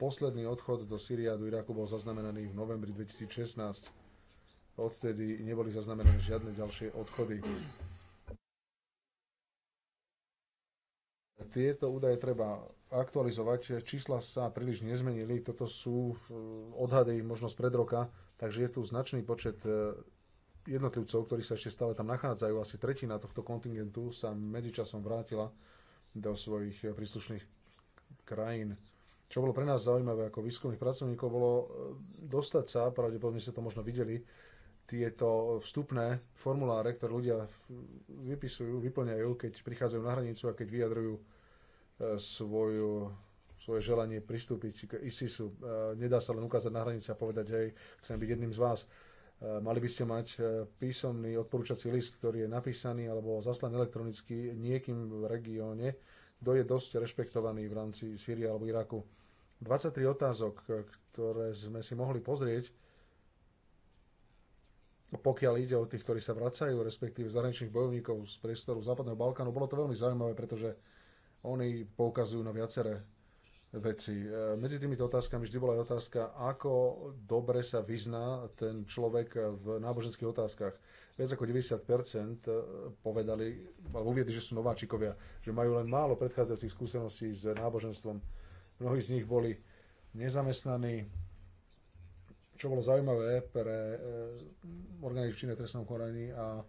Posledný odchod do Syrie a do Iraku bol zaznamenaný v novembri 2016. Odtedy neboli zaznamenané žiadne ďalšie odchody. Tieto údaje treba aktualizovať. Čísla sa príliš nezmenili. Toto sú eh, odhady možno z pred roka, takže je tu značný počet eh, jednotlivcov, ktorí sa ešte stále tam nachádzajú. Asi tretina tohto kontingentu sa medzičasom vrátila do svojich eh, príslušných krajín. Čo bolo pre nás zaujímavé ako výskumných pracovníkov, bolo eh, dostať sa, pravdepodobne ste to možno videli, tieto vstupné formuláre, ktoré ľudia vypisujú, vyplňajú, keď prichádzajú na hranicu a keď vyjadrujú eh, svoju, svoje želanie pristúpiť k ISISu. Nedá sa len ukázať na hranici a povedať, hej, chcem byť jedným z vás Eh, mali by ste mať eh, písomný odporúčací list, ktorý je napísaný alebo zaslaný elektronicky niekým v regióne, kto je dosť rešpektovaný v rámci Sýrie alebo Iraku. 23 otázok, eh, ktoré sme si mohli pozrieť, pokiaľ ide o tých, ktorí sa vracajú, respektíve zahraničných bojovníkov z priestoru Západného Balkánu, bolo to veľmi zaujímavé, pretože oni poukazujú na viaceré veci. E, medzi týmito otázkami vždy bola aj otázka, ako dobre sa vyzná ten človek v náboženských otázkach. Viac ako 90% e, povedali, alebo uviedli, že sú nováčikovia, že majú len málo predchádzajúcich skúseností s náboženstvom. Mnohí z nich boli nezamestnaní, čo bolo zaujímavé pre e, orgány v Číne trestnom konaní a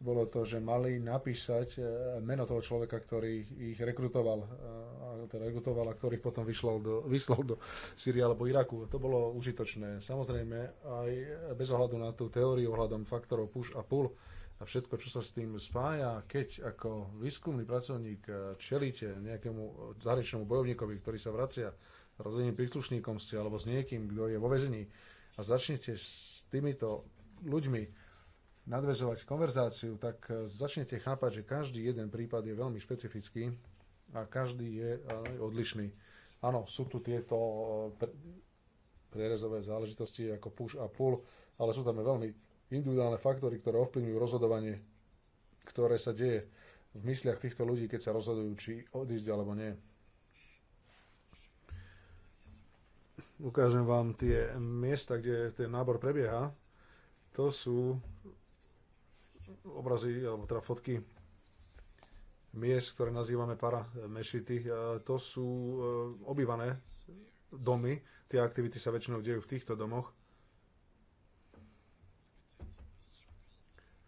bolo to, že mali napísať e, meno toho človeka, ktorý ich rekrutoval, e, teda rekrutoval a ktorých potom vyšlal do, [laughs] vyslal do Syrie alebo Iraku. To bolo užitočné. Samozrejme, aj bez ohľadu na tú teóriu ohľadom faktorov push a pull a všetko, čo sa s tým spája, keď ako výskumný pracovník e, čelíte nejakému zahraničnému bojovníkovi, ktorý sa vracia rozhodným príslušníkom ste alebo s niekým, kto je vo väzení a začnete s týmito ľuďmi nadvezovať konverzáciu, tak e, začnete chápať, že každý jeden prípad je veľmi špecifický a každý je e, odlišný. Áno, sú tu tieto e, prierezové záležitosti ako push a pull, ale sú tam veľmi individuálne faktory, ktoré ovplyvňujú rozhodovanie, ktoré sa deje v mysliach týchto ľudí, keď sa rozhodujú, či odísť alebo nie. Ukážem vám tie miesta, kde ten nábor prebieha. To sú obrazy, alebo teda fotky miest, ktoré nazývame para mešity. To sú e, obývané domy. Tie aktivity sa väčšinou dejú v týchto domoch.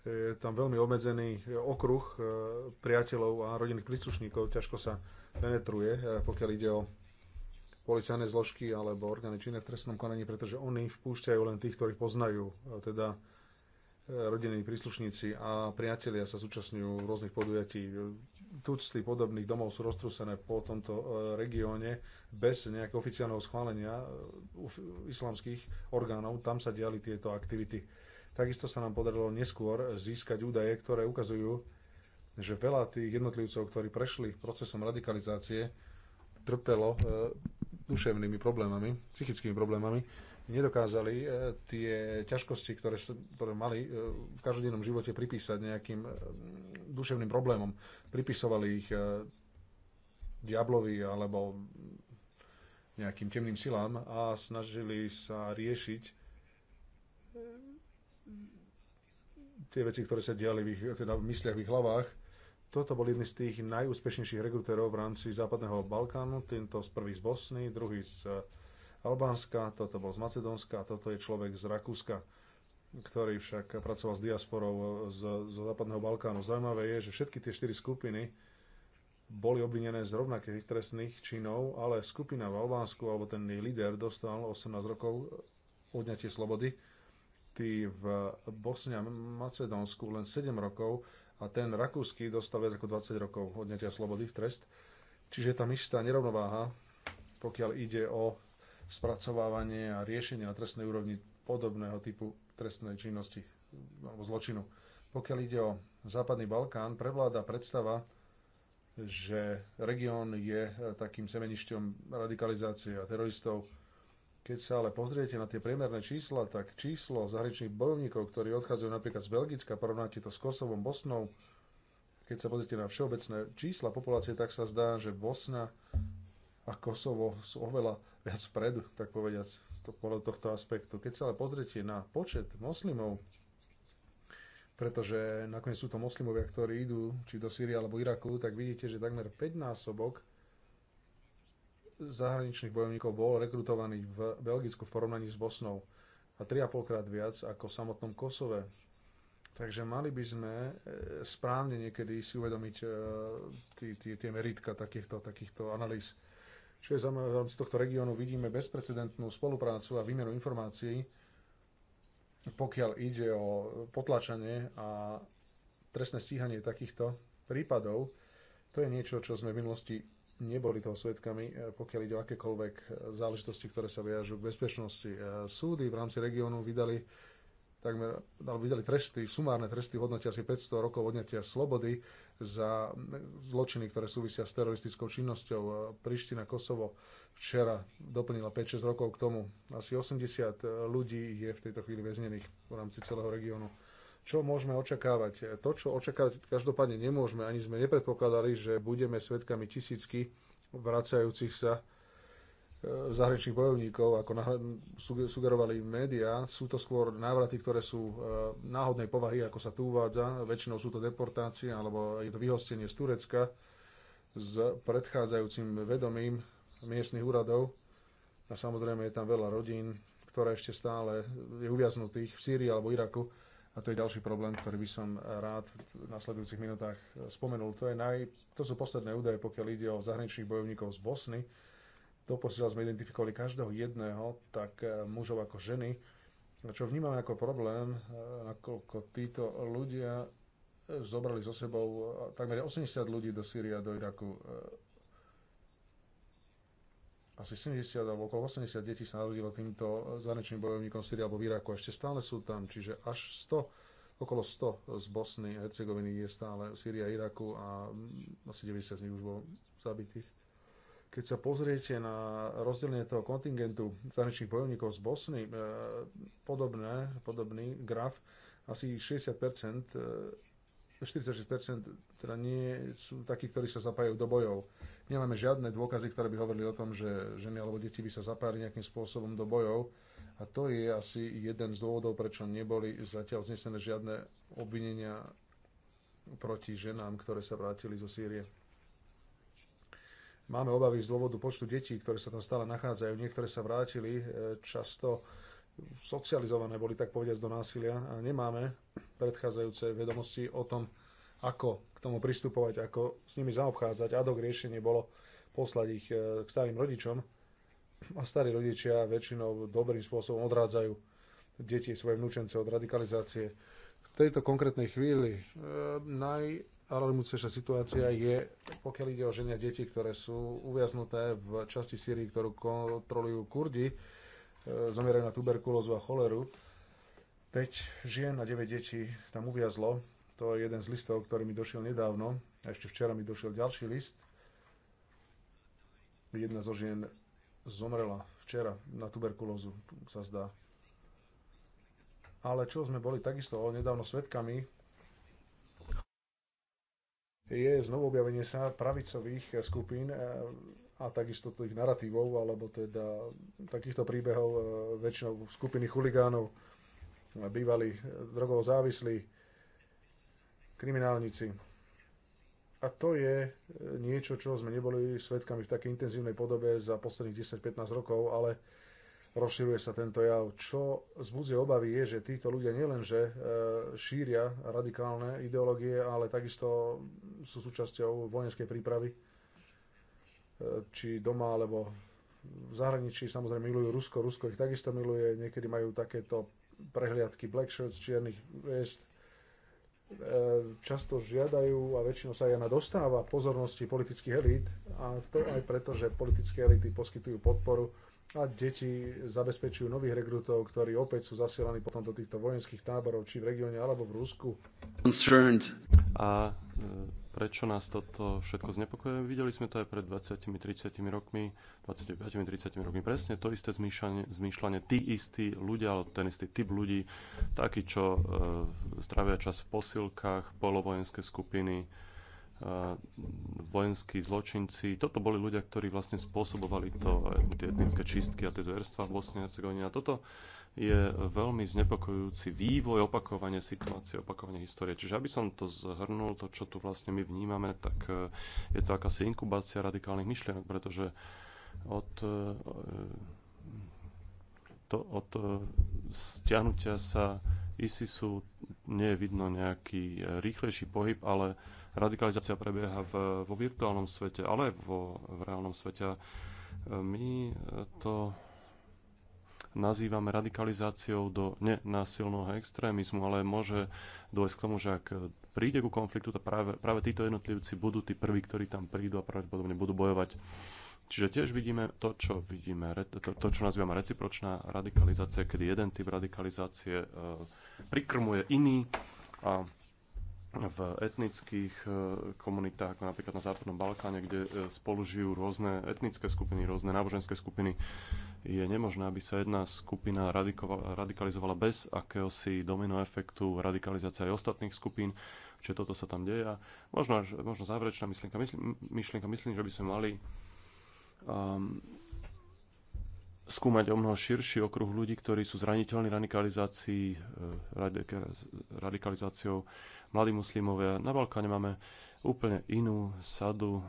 je tam veľmi obmedzený e, okruh e, priateľov a rodinných príslušníkov, ťažko sa penetruje, pokiaľ ide o policajné zložky alebo orgány činné v trestnom konaní, pretože oni vpúšťajú len tých, ktorých poznajú, teda rodinní príslušníci a priatelia sa zúčastňujú rôznych podujatí. Tucty podobných domov sú roztrúsené po tomto e, regióne bez nejakého oficiálneho schválenia e, islamských orgánov. Tam sa diali tieto aktivity. Takisto sa nám podarilo neskôr získať údaje, ktoré ukazujú, že veľa tých jednotlivcov, ktorí prešli procesom radikalizácie, trpelo e, duševnými problémami, psychickými problémami nedokázali e, tie ťažkosti, ktoré, ktoré mali e, v každodennom živote pripísať nejakým e, duševným problémom. Pripisovali ich diablovi alebo nejakým temným silám a snažili sa riešiť tie veci, ktoré sa diali v, ich, teda v mysliach, v ich hlavách. Toto bol jedný z tých najúspešnejších rekrutérov v rámci Západného Balkánu, tento z prvý z Bosny, druhý z Albánska, toto bol z Macedónska a toto je človek z Rakúska, ktorý však pracoval s diasporou z, zo Západného Balkánu. Zaujímavé je, že všetky tie štyri skupiny boli obvinené z rovnakých trestných činov, ale skupina v Albánsku, alebo ten jej líder, dostal 18 rokov odňatie slobody. Tí v Bosne a Macedónsku len 7 rokov a ten rakúsky dostal viac ako 20 rokov odňatia slobody v trest. Čiže je tam istá nerovnováha, pokiaľ ide o spracovávanie a riešenie na trestnej úrovni podobného typu trestnej činnosti alebo zločinu. Pokiaľ ide o Západný Balkán, prevláda predstava, že región je e, takým semenišťom radikalizácie a teroristov. Keď sa ale pozriete na tie priemerné čísla, tak číslo zahraničných bojovníkov, ktorí odchádzajú napríklad z Belgicka, porovnáte to s Kosovom, Bosnou, keď sa pozriete na všeobecné čísla populácie, tak sa zdá, že Bosna a Kosovo sú oveľa viac vpredu, tak povediac, to, podľa tohto aspektu. Keď sa ale pozriete na počet moslimov, pretože nakoniec sú to moslimovia, ktorí idú či do Syrie alebo Iraku, tak vidíte, že takmer 5 násobok zahraničných bojovníkov bolo rekrutovaných v Belgicku v porovnaní s Bosnou a 3,5 krát viac ako v samotnom Kosove. Takže mali by sme e, správne niekedy si uvedomiť e, tie meritka takýchto, takýchto analýz čo je zaujímavé, z tohto regiónu vidíme bezprecedentnú spoluprácu a výmenu informácií, pokiaľ ide o potlačanie a trestné stíhanie takýchto prípadov. To je niečo, čo sme v minulosti neboli toho svetkami, e, pokiaľ ide o akékoľvek e, záležitosti, ktoré sa viažú k bezpečnosti. E, súdy v rámci regiónu vydali takmer vydali tresty, sumárne tresty v hodnote asi 500 rokov odňatia slobody za zločiny, ktoré súvisia s teroristickou činnosťou. Priština, Kosovo včera doplnila 5-6 rokov k tomu. Asi 80 ľudí je v tejto chvíli väznených v rámci celého regiónu. Čo môžeme očakávať? To, čo očakávať každopádne nemôžeme, ani sme nepredpokladali, že budeme svedkami tisícky vracajúcich sa E, zahraničných bojovníkov, ako sugerovali médiá. Sú to skôr návraty, ktoré sú e, náhodnej povahy, ako sa tu uvádza. Väčšinou sú to deportácie, alebo je to vyhostenie z Turecka s predchádzajúcim vedomím miestnych úradov. A samozrejme je tam veľa rodín, ktoré ešte stále je uviaznutých v Sýrii alebo Iraku. A to je ďalší problém, ktorý by som rád v nasledujúcich minútach e, spomenul. To, je naj... to sú posledné údaje, pokiaľ ide o zahraničných bojovníkov z Bosny Doposiaľ sme identifikovali každého jedného, tak eh, mužov ako ženy, čo vnímame ako problém, eh, nakoľko títo ľudia eh, zobrali so sebou takmer 80 ľudí do Syrie a do Iraku. Asi 70 alebo okolo 80 detí sa narodilo týmto zahraničným bojovníkom Syrie alebo v Iraku. Ešte stále sú tam, čiže až 100, okolo 100 z Bosny a Hercegoviny je stále Sýria, Iraku a mm, asi 90 z nich už bolo zabitých. Keď sa pozriete na rozdelenie toho kontingentu zahraničných bojovníkov z Bosny, e, podobné, podobný graf, asi 60%, 46% e, teda nie sú takí, ktorí sa zapájajú do bojov. Nemáme žiadne dôkazy, ktoré by hovorili o tom, že ženy alebo deti by sa zapájali nejakým spôsobom do bojov. A to je asi jeden z dôvodov, prečo neboli zatiaľ znesené žiadne obvinenia proti ženám, ktoré sa vrátili zo Sýrie. Máme obavy z dôvodu počtu detí, ktoré sa tam stále nachádzajú. Niektoré sa vrátili, e, často socializované boli, tak povediať, do násilia a nemáme predchádzajúce vedomosti o tom, ako k tomu pristupovať, ako s nimi zaobchádzať. Adok riešenie bolo poslať ich e, k starým rodičom a starí rodičia väčšinou dobrým spôsobom odrádzajú deti, svoje vnúčence od radikalizácie. V tejto konkrétnej chvíli e, naj, alarmujúcejšia situácia je, pokiaľ ide o ženia detí, ktoré sú uviaznuté v časti Syrii, ktorú kontrolujú Kurdi, e, zomierajú na tuberkulózu a choleru. 5 žien a 9 detí tam uviazlo. To je jeden z listov, ktorý mi došiel nedávno. A ešte včera mi došiel ďalší list. Jedna zo žien zomrela včera na tuberkulózu, sa zdá. Ale čo sme boli takisto nedávno svetkami, je znovu objavenie sa pravicových skupín e, a takisto tých narratívov, alebo teda takýchto príbehov e, väčšinou skupiny chuligánov, e, bývali drogovo závislí, kriminálnici. A to je niečo, čo sme neboli svetkami v takej intenzívnej podobe za posledných 10-15 rokov, ale rozširuje sa tento jav. Čo zbudzuje obavy je, že títo ľudia nielenže e, šíria radikálne ideológie, ale takisto sú súčasťou vojenskej prípravy, e, či doma alebo v zahraničí. Samozrejme milujú Rusko, Rusko ich takisto miluje, niekedy majú takéto prehliadky black shirts, čiernych vest. E, často žiadajú a väčšinou sa aj na dostáva pozornosti politických elít a to aj preto, že politické elity poskytujú podporu a deti zabezpečujú nových rekrutov, ktorí opäť sú zasielaní potom do týchto vojenských táborov, či v regióne alebo v Rusku. A e, prečo nás toto všetko znepokojuje? Videli sme to aj pred 20-30 rokmi, 25-30 rokmi. Presne to isté zmýšľanie, zmýšľanie tí istí ľudia, alebo ten istý typ ľudí, takí, čo e, strávia čas v posilkách, polovojenské skupiny, Eh, vojenskí zločinci. Toto boli ľudia, ktorí vlastne spôsobovali to, eh, tie etnické čistky a tie zverstva v Bosne a Hercegovine. A toto je veľmi znepokojujúci vývoj, opakovanie situácie, opakovanie histórie. Čiže aby som to zhrnul, to, čo tu vlastne my vnímame, tak eh, je to akási inkubácia radikálnych myšlienok, pretože od, to, od stiahnutia sa ISISu nie je vidno nejaký rýchlejší pohyb, ale radikalizácia prebieha v, vo virtuálnom svete, ale aj vo v reálnom svete. My to nazývame radikalizáciou do nenásilného extrémizmu, ale môže dôjsť k tomu, že ak príde ku konfliktu, tak práve, práve títo jednotlivci budú tí prví, ktorí tam prídu a pravdepodobne budú bojovať. Čiže tiež vidíme to, čo vidíme, to, to čo nazývame recipročná radikalizácia, kedy jeden typ radikalizácie e, prikrmuje iný a v etnických e, komunitách, ako napríklad na Západnom Balkáne, kde e, spolužijú rôzne etnické skupiny, rôzne náboženské skupiny, je nemožné, aby sa jedna skupina radikalizovala bez akéhosi domino efektu radikalizácia aj ostatných skupín, čiže toto sa tam deje. možno, možno záverečná myšlienka, myslím, myšlienka, myslím, že by sme mali um, skúmať o mnoho širší okruh ľudí, ktorí sú zraniteľní radikalizácii, e, radikalizáciou mladí muslimovia. Na Balkáne máme úplne inú sadu e,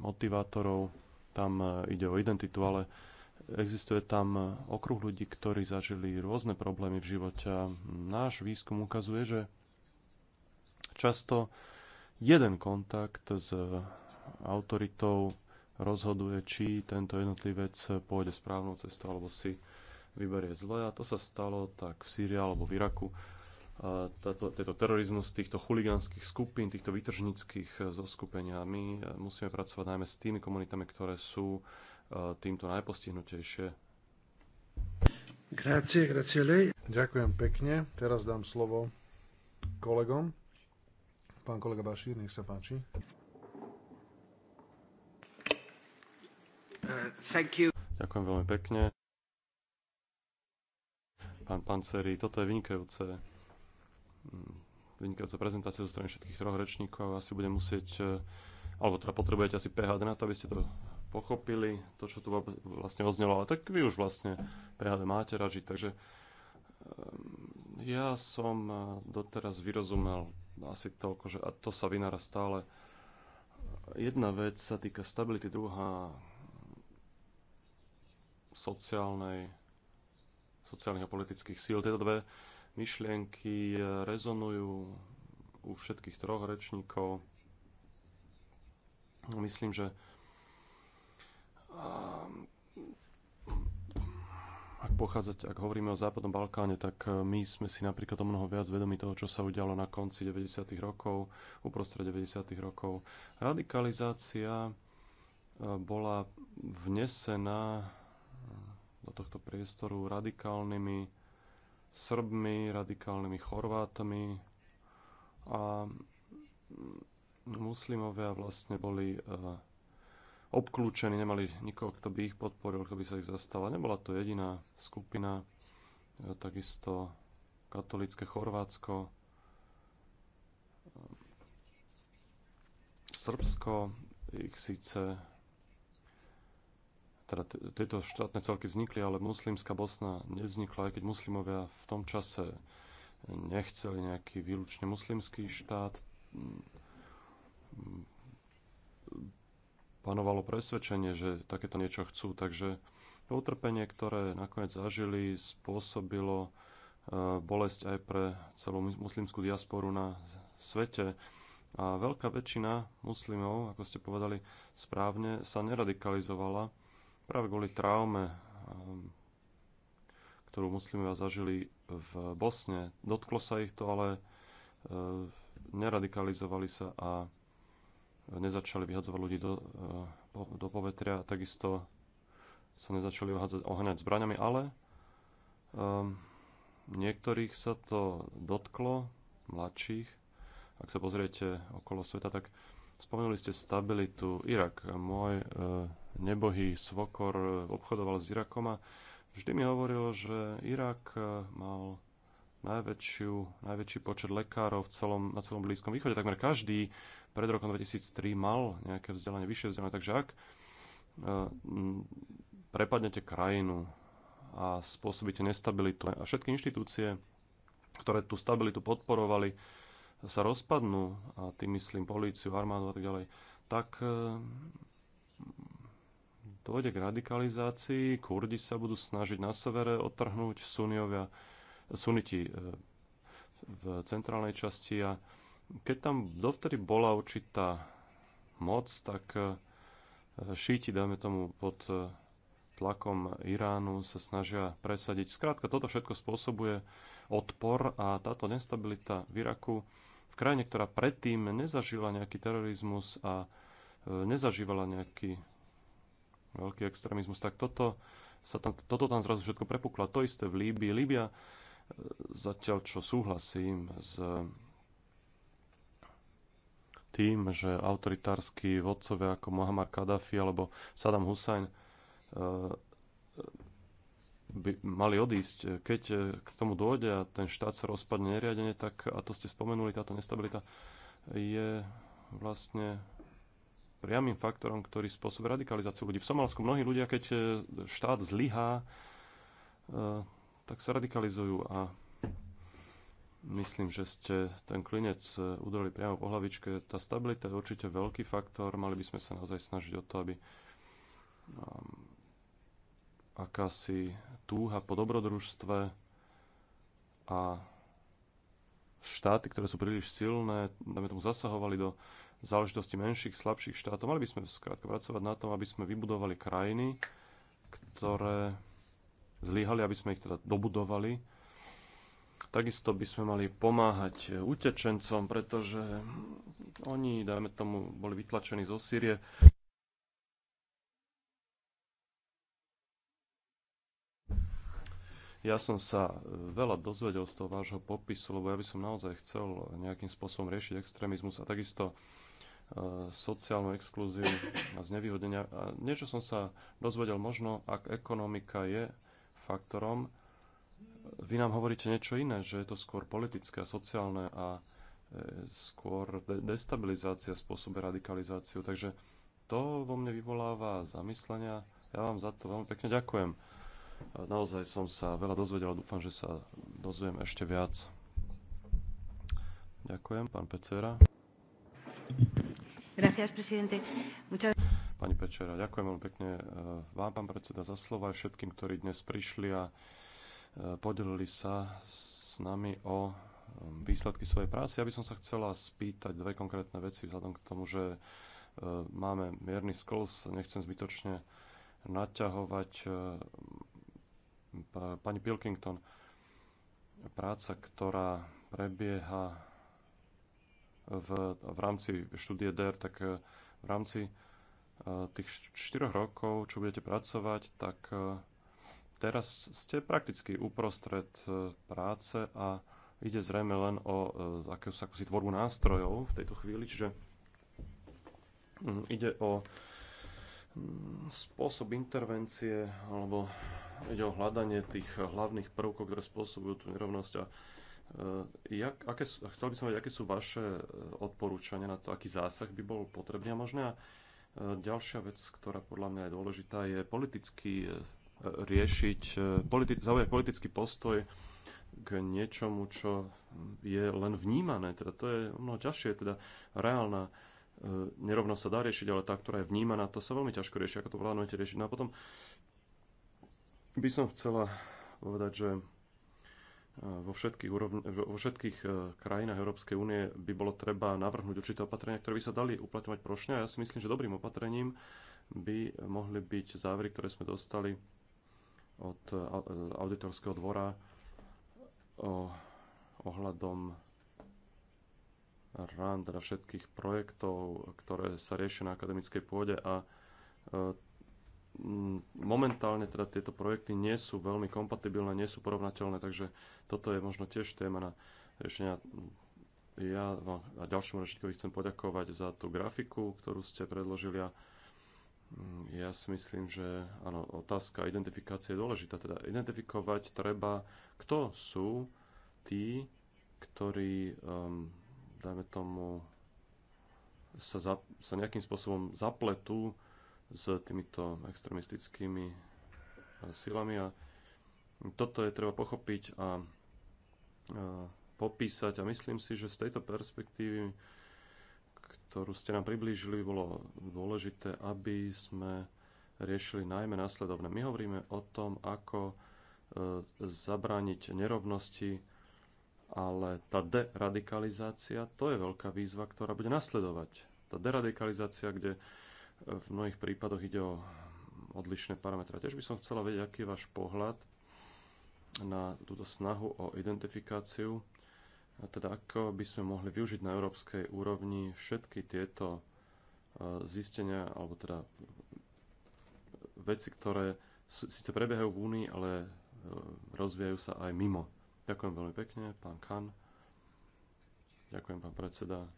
motivátorov. Tam e, ide o identitu, ale existuje tam okruh ľudí, ktorí zažili rôzne problémy v živote. Náš výskum ukazuje, že často jeden kontakt s autoritou rozhoduje, či tento jednotlivec pôjde správnou cestou alebo si vyberie zle. A to sa stalo tak v Sýrii alebo v Iraku. Tato, tento terorizmus týchto chuligánskych skupín, týchto vytržnických eh, zoskupenia. My eh, musíme pracovať najmä s tými komunitami, ktoré sú eh, týmto najpostihnutejšie. Grazie, grazie lei. Ďakujem pekne. Teraz dám slovo kolegom. Pán kolega Bašír, nech sa páči. Ďakujem veľmi pekne. Pán Panceri, toto je vynikajúce vynikajúca prezentácia zo strany všetkých troch rečníkov. Asi budem musieť, e, alebo teda potrebujete asi PHD na to, aby ste to pochopili, to, čo tu vlastne oznelo, ale tak vy už vlastne PHD máte radžiť, takže ehm, ja som e, doteraz vyrozumel asi toľko, že a to sa vynára stále. Jedna vec sa týka stability, druhá sociálnej, sociálnych a politických síl. Tieto dve myšlienky eh, rezonujú u všetkých troch rečníkov. Myslím, že eh, ak pochádzať, ak hovoríme o Západnom Balkáne, tak eh, my sme si napríklad o mnoho viac vedomi toho, čo sa udialo na konci 90. rokov, uprostred 90. rokov. Radikalizácia bola vnesená do tohto priestoru radikálnymi Srbmi, radikálnymi Chorvátmi a muslimovia vlastne boli e, obklúčení, nemali nikoho, kto by ich podporil, kto by sa ich zastal. nebola to jediná skupina, e, takisto katolické Chorvátsko, e, Srbsko ich síce teda tieto štátne celky vznikli, ale muslimská Bosna nevznikla, aj keď muslimovia v tom čase nechceli nejaký výlučne muslimský štát. Panovalo presvedčenie, že takéto niečo chcú, takže to utrpenie, ktoré nakoniec zažili, spôsobilo e, bolesť aj pre celú muslimskú diasporu na svete. A veľká väčšina muslimov, ako ste povedali správne, sa neradikalizovala práve kvôli traume, um, ktorú muslimovia zažili v Bosne. Dotklo sa ich to, ale uh, neradikalizovali sa a nezačali vyhadzovať ľudí do, uh, do povetria, takisto sa nezačali ohňať zbraňami, ale um, niektorých sa to dotklo, mladších. Ak sa pozriete okolo sveta, tak spomenuli ste stabilitu Irak. Môj uh, nebohý svokor obchodoval s Irakom a vždy mi hovoril, že Irak eh, mal najväčšiu, najväčší počet lekárov v celom, na celom Blízkom východe. Takmer každý pred rokom 2003 mal nejaké vzdelanie, vyššie vzdelanie. Takže ak eh, prepadnete krajinu a spôsobíte nestabilitu a všetky inštitúcie, ktoré tú stabilitu podporovali, sa rozpadnú, a tým myslím políciu, armádu a tak ďalej, tak eh, dôjde k radikalizácii, Kurdi sa budú snažiť na severe odtrhnúť, Suniovia, Suniti e, v centrálnej časti a keď tam dovtedy bola určitá moc, tak e, šíti, dáme tomu, pod e, tlakom Iránu sa snažia presadiť. Skrátka, toto všetko spôsobuje odpor a táto nestabilita v Iraku, v krajine, ktorá predtým nezažila nejaký terorizmus a nezažívala nejaký veľký extrémizmus, tak toto, sa tam, toto tam zrazu všetko prepukla. To isté v Líbii. Líbia, e, zatiaľ čo súhlasím s tým, že autoritársky vodcovia ako Mohamed Kadhafi alebo Saddam Hussein e, e, by mali odísť. Keď k tomu dôjde a ten štát sa rozpadne neriadene, tak, a to ste spomenuli, táto nestabilita je vlastne priamým faktorom, ktorý spôsobí radikalizáciu ľudí. V Somálsku mnohí ľudia, keď e, štát zlyhá, e, tak sa radikalizujú a myslím, že ste ten klinec e, udali priamo po hlavičke. Tá stabilita je určite veľký faktor, mali by sme sa naozaj snažiť o to, aby um, akási túha po dobrodružstve a štáty, ktoré sú príliš silné, dáme tomu zasahovali do záležitosti menších, slabších štátov. Mali by sme skrátka pracovať na tom, aby sme vybudovali krajiny, ktoré zlyhali, aby sme ich teda dobudovali. Takisto by sme mali pomáhať utečencom, pretože oni, dajme tomu, boli vytlačení zo Sýrie. Ja som sa veľa dozvedel z toho vášho popisu, lebo ja by som naozaj chcel nejakým spôsobom riešiť extrémizmus a takisto Eh, sociálnu exkluziu a znevýhodnenia. A niečo som sa dozvedel, možno ak ekonomika je faktorom, vy nám hovoríte niečo iné, že je to skôr politické a sociálne a eh, skôr de destabilizácia spôsobe radikalizáciu. Takže to vo mne vyvoláva zamyslenia. Ja vám za to veľmi pekne ďakujem. Naozaj som sa veľa dozvedel a dúfam, že sa dozviem ešte viac. Ďakujem, pán Pecera. Pani Pečera, ďakujem veľmi pekne eh, vám, pán predseda, za slova aj všetkým, ktorí dnes prišli a eh, podelili sa s nami o eh, výsledky svojej práce. Ja by som sa chcela spýtať dve konkrétne veci vzhľadom k tomu, že máme mierny skls, nechcem zbytočne naťahovať pani Pilkington. Práca, ktorá prebieha v, v rámci štúdie der, tak eh, v rámci eh, tých 4 rokov, čo budete pracovať, tak eh, teraz ste prakticky uprostred práce a ide zrejme len o akúsi, tvorbu nástrojov v tejto chvíli, čiže hm, ide o hm, spôsob intervencie alebo ide o hľadanie tých hlavných prvkov, ktoré spôsobujú tú nerovnosť a E, jak, aké, chcel by som vedieť, aké sú vaše e, odporúčania na to, aký zásah by bol potrebný a možná e, ďalšia vec, ktorá podľa mňa je dôležitá, je politicky riešiť, politi- zaujať politický postoj k niečomu, čo je len vnímané. Teda to je mnoho ťažšie, teda reálna nerovnosť sa dá riešiť, ale tá, ktorá je vnímaná, to sa veľmi ťažko rieši, ako to vládnete riešiť. No a potom by som chcela povedať, že Eh, vo všetkých, úrovni, vo všetkých eh, krajinách Európskej únie by bolo treba navrhnúť určité opatrenia, ktoré by sa dali uplatňovať prošne. A ja si myslím, že dobrým opatrením by mohli byť závery, ktoré sme dostali od eh, auditorského dvora o, ohľadom rán, teda všetkých projektov, ktoré sa riešia na akademickej pôde a momentálne teda tieto projekty nie sú veľmi kompatibilné, nie sú porovnateľné, takže toto je možno tiež téma na riešenia. Ja vám a ďalšiemu rečníkovi chcem poďakovať za tú grafiku, ktorú ste predložili a ja si myslím, že áno, otázka identifikácie je dôležitá. Teda identifikovať treba, kto sú tí, ktorí, um, dajme tomu, sa, za, sa nejakým spôsobom zapletú s týmito extremistickými e, silami. A toto je treba pochopiť a, a e, popísať a myslím si, že z tejto perspektívy, ktorú ste nám priblížili, bolo dôležité, aby sme riešili najmä následovné. My hovoríme o tom, ako e, zabrániť nerovnosti, ale tá deradikalizácia, to je veľká výzva, ktorá bude nasledovať. Tá deradikalizácia, kde v mnohých prípadoch ide o odlišné parametre. Tiež by som chcela vedieť, aký je váš pohľad na túto snahu o identifikáciu, teda ako by sme mohli využiť na európskej úrovni všetky tieto e, zistenia, alebo teda veci, ktoré síce prebiehajú v Únii, ale e, rozvíjajú sa aj mimo. Ďakujem veľmi pekne, pán Khan. Ďakujem, pán predseda. E,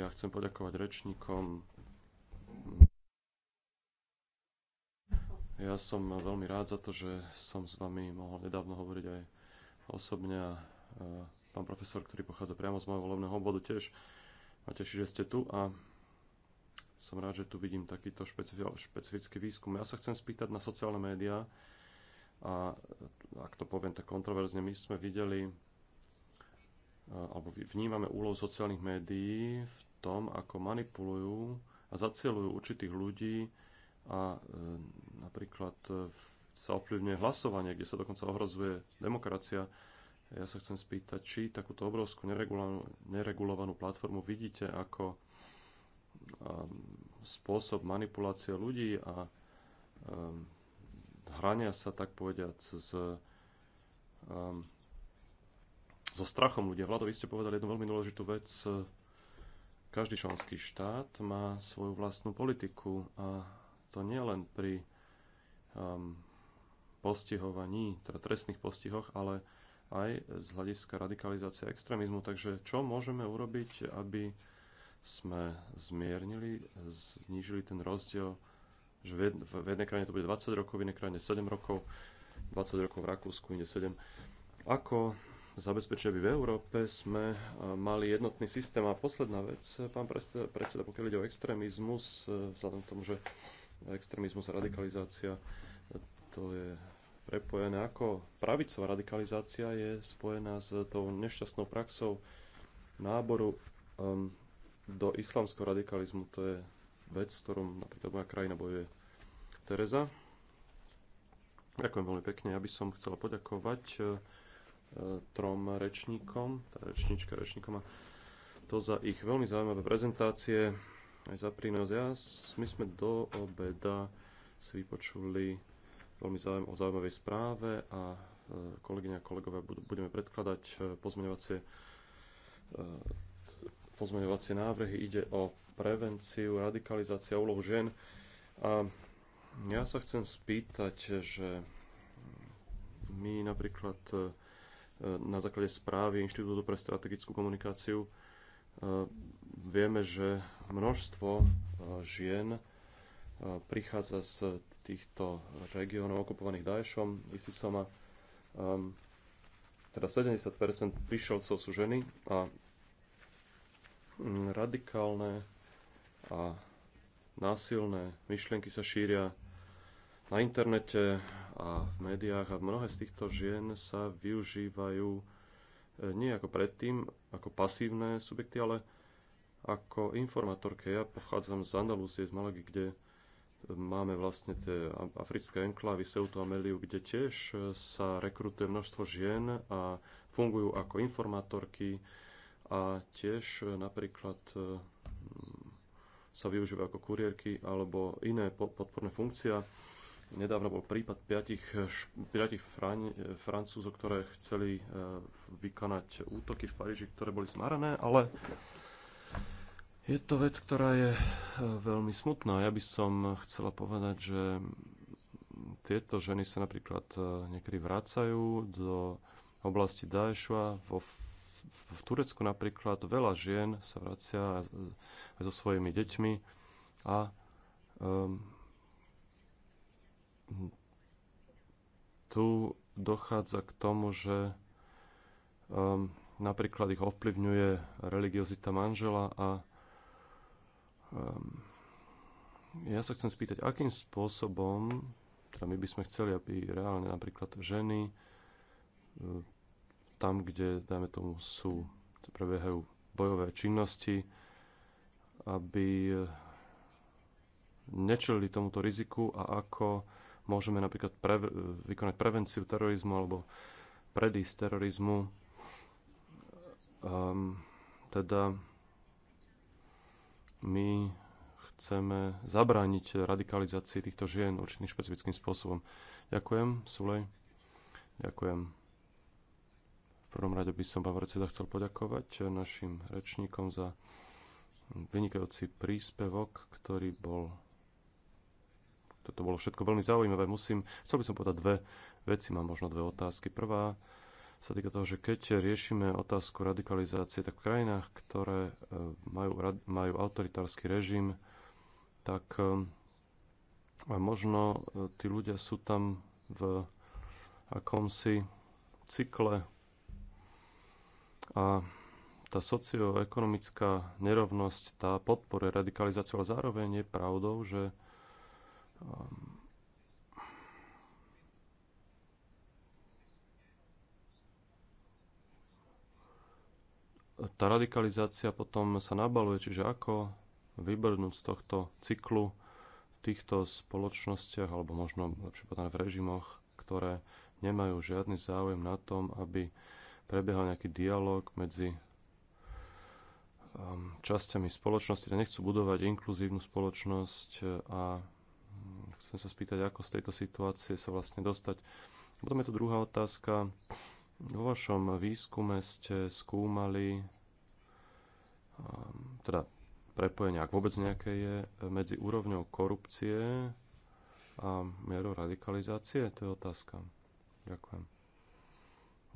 ja chcem poďakovať rečníkom Ja som veľmi rád za to, že som s vami mohol nedávno hovoriť aj osobne a e, pán profesor, ktorý pochádza priamo z môjho volebného obvodu tiež ma teší, že ste tu a som rád, že tu vidím takýto špecifický výskum. Ja sa chcem spýtať na sociálne médiá a ak to poviem tak kontroverzne, my sme videli e, alebo vnímame úlohu sociálnych médií v tom, ako manipulujú a zacielujú určitých ľudí a e, napríklad e, sa ovplyvňuje hlasovanie, kde sa dokonca ohrozuje demokracia. Ja sa chcem spýtať, či takúto obrovskú neregulovanú, neregulovanú platformu vidíte ako e, spôsob manipulácie ľudí a um, hrania sa, tak povediať, s, um, so strachom ľudia. Vlado, vy ste povedali jednu veľmi dôležitú vec. Každý členský štát má svoju vlastnú politiku a to nie len pri um, postihovaní, teda trestných postihoch, ale aj z hľadiska radikalizácie extrémizmu. Takže čo môžeme urobiť, aby sme zmiernili, znížili ten rozdiel, že v, v jednej krajine to bude 20 rokov, v inej krajine 7 rokov, 20 rokov v Rakúsku, inde 7. Ako zabezpečiť, aby v Európe sme uh, mali jednotný systém? A posledná vec, uh, pán predseda, pokiaľ ide o extrémizmus, uh, vzhľadom k tomu, že extrémizmus a radikalizácia, to je prepojené. Ako pravicová radikalizácia je spojená s tou nešťastnou praxou náboru um, do islamského radikalizmu. To je vec, s ktorou napríklad moja krajina bojuje. Tereza. Ďakujem veľmi pekne. Ja by som chcela poďakovať uh, trom rečníkom, teda rečníčka rečníkom a to za ich veľmi zaujímavé prezentácie aj za prínos. Ja, my sme do obeda si vypočuli veľmi zaujím, o zaujímavej správe a e, kolegyňa a kolegovia budeme predkladať e, pozmeňovacie e, pozmeňovacie návrhy. Ide o prevenciu, radikalizácia úlohu žien. A ja sa chcem spýtať, že my napríklad na základe správy Inštitútu pre strategickú komunikáciu vieme, že množstvo e, žien e, prichádza z týchto regiónov okupovaných Daešom, ISISom ehm, a teda 70% prišielcov sú ženy a mm, radikálne a násilné myšlienky sa šíria na internete a v médiách a mnohé z týchto žien sa využívajú E, nie ako predtým, ako pasívne subjekty, ale ako informatorke. Ja pochádzam z Andalúzie, z Malagy, kde máme vlastne tie africké enklávy Seuto a Meliu, kde tiež e, sa rekrutuje množstvo žien a fungujú ako informátorky a tiež e, napríklad sa využívajú ako kurierky alebo iné podporné funkcia Nedávno bol prípad piatich, piatich Fran- francúzov, ktoré chceli e, vykonať útoky v Paríži, ktoré boli zmarané, ale je to vec, ktorá je e, veľmi smutná. Ja by som chcela povedať, že tieto ženy sa napríklad e, niekedy vracajú do oblasti Daešua. Vo, v Turecku napríklad veľa žien sa vracia aj so svojimi deťmi a um, tu dochádza k tomu, že um, napríklad ich ovplyvňuje religiozita manžela a um, ja sa chcem spýtať, akým spôsobom, teda my by sme chceli, aby reálne napríklad ženy uh, tam, kde, dajme tomu, sú, prebiehajú bojové činnosti, aby uh, nečelili tomuto riziku a ako Môžeme napríklad pre, vykonať prevenciu terorizmu alebo predísť terorizmu. Um, teda my chceme zabrániť radikalizácii týchto žien určitým špecifickým spôsobom. Ďakujem, Sulej. Ďakujem. V prvom rade by som vám predseda chcel poďakovať našim rečníkom za vynikajúci príspevok, ktorý bol to bolo všetko veľmi zaujímavé. Musím, chcel by som povedať dve veci, mám možno dve otázky. Prvá sa týka toho, že keď riešime otázku radikalizácie, tak v krajinách, ktoré e, majú, majú autoritársky režim, tak e, možno e, tí ľudia sú tam v akomsi cykle a tá socioekonomická nerovnosť, tá podporuje radikalizáciu, ale zároveň je pravdou, že Um, tá radikalizácia potom sa nabaluje, čiže ako vybrnúť z tohto cyklu v týchto spoločnostiach, alebo možno lepšie potom v režimoch, ktoré nemajú žiadny záujem na tom, aby prebiehal nejaký dialog medzi um, časťami spoločnosti, nechcú budovať inkluzívnu spoločnosť a Chcem sa spýtať, ako z tejto situácie sa vlastne dostať. Potom je tu druhá otázka. Vo vašom výskume ste skúmali, ehm, teda prepojenie, ak vôbec nejaké je, medzi úrovňou korupcie a mierou radikalizácie? To je otázka. Ďakujem.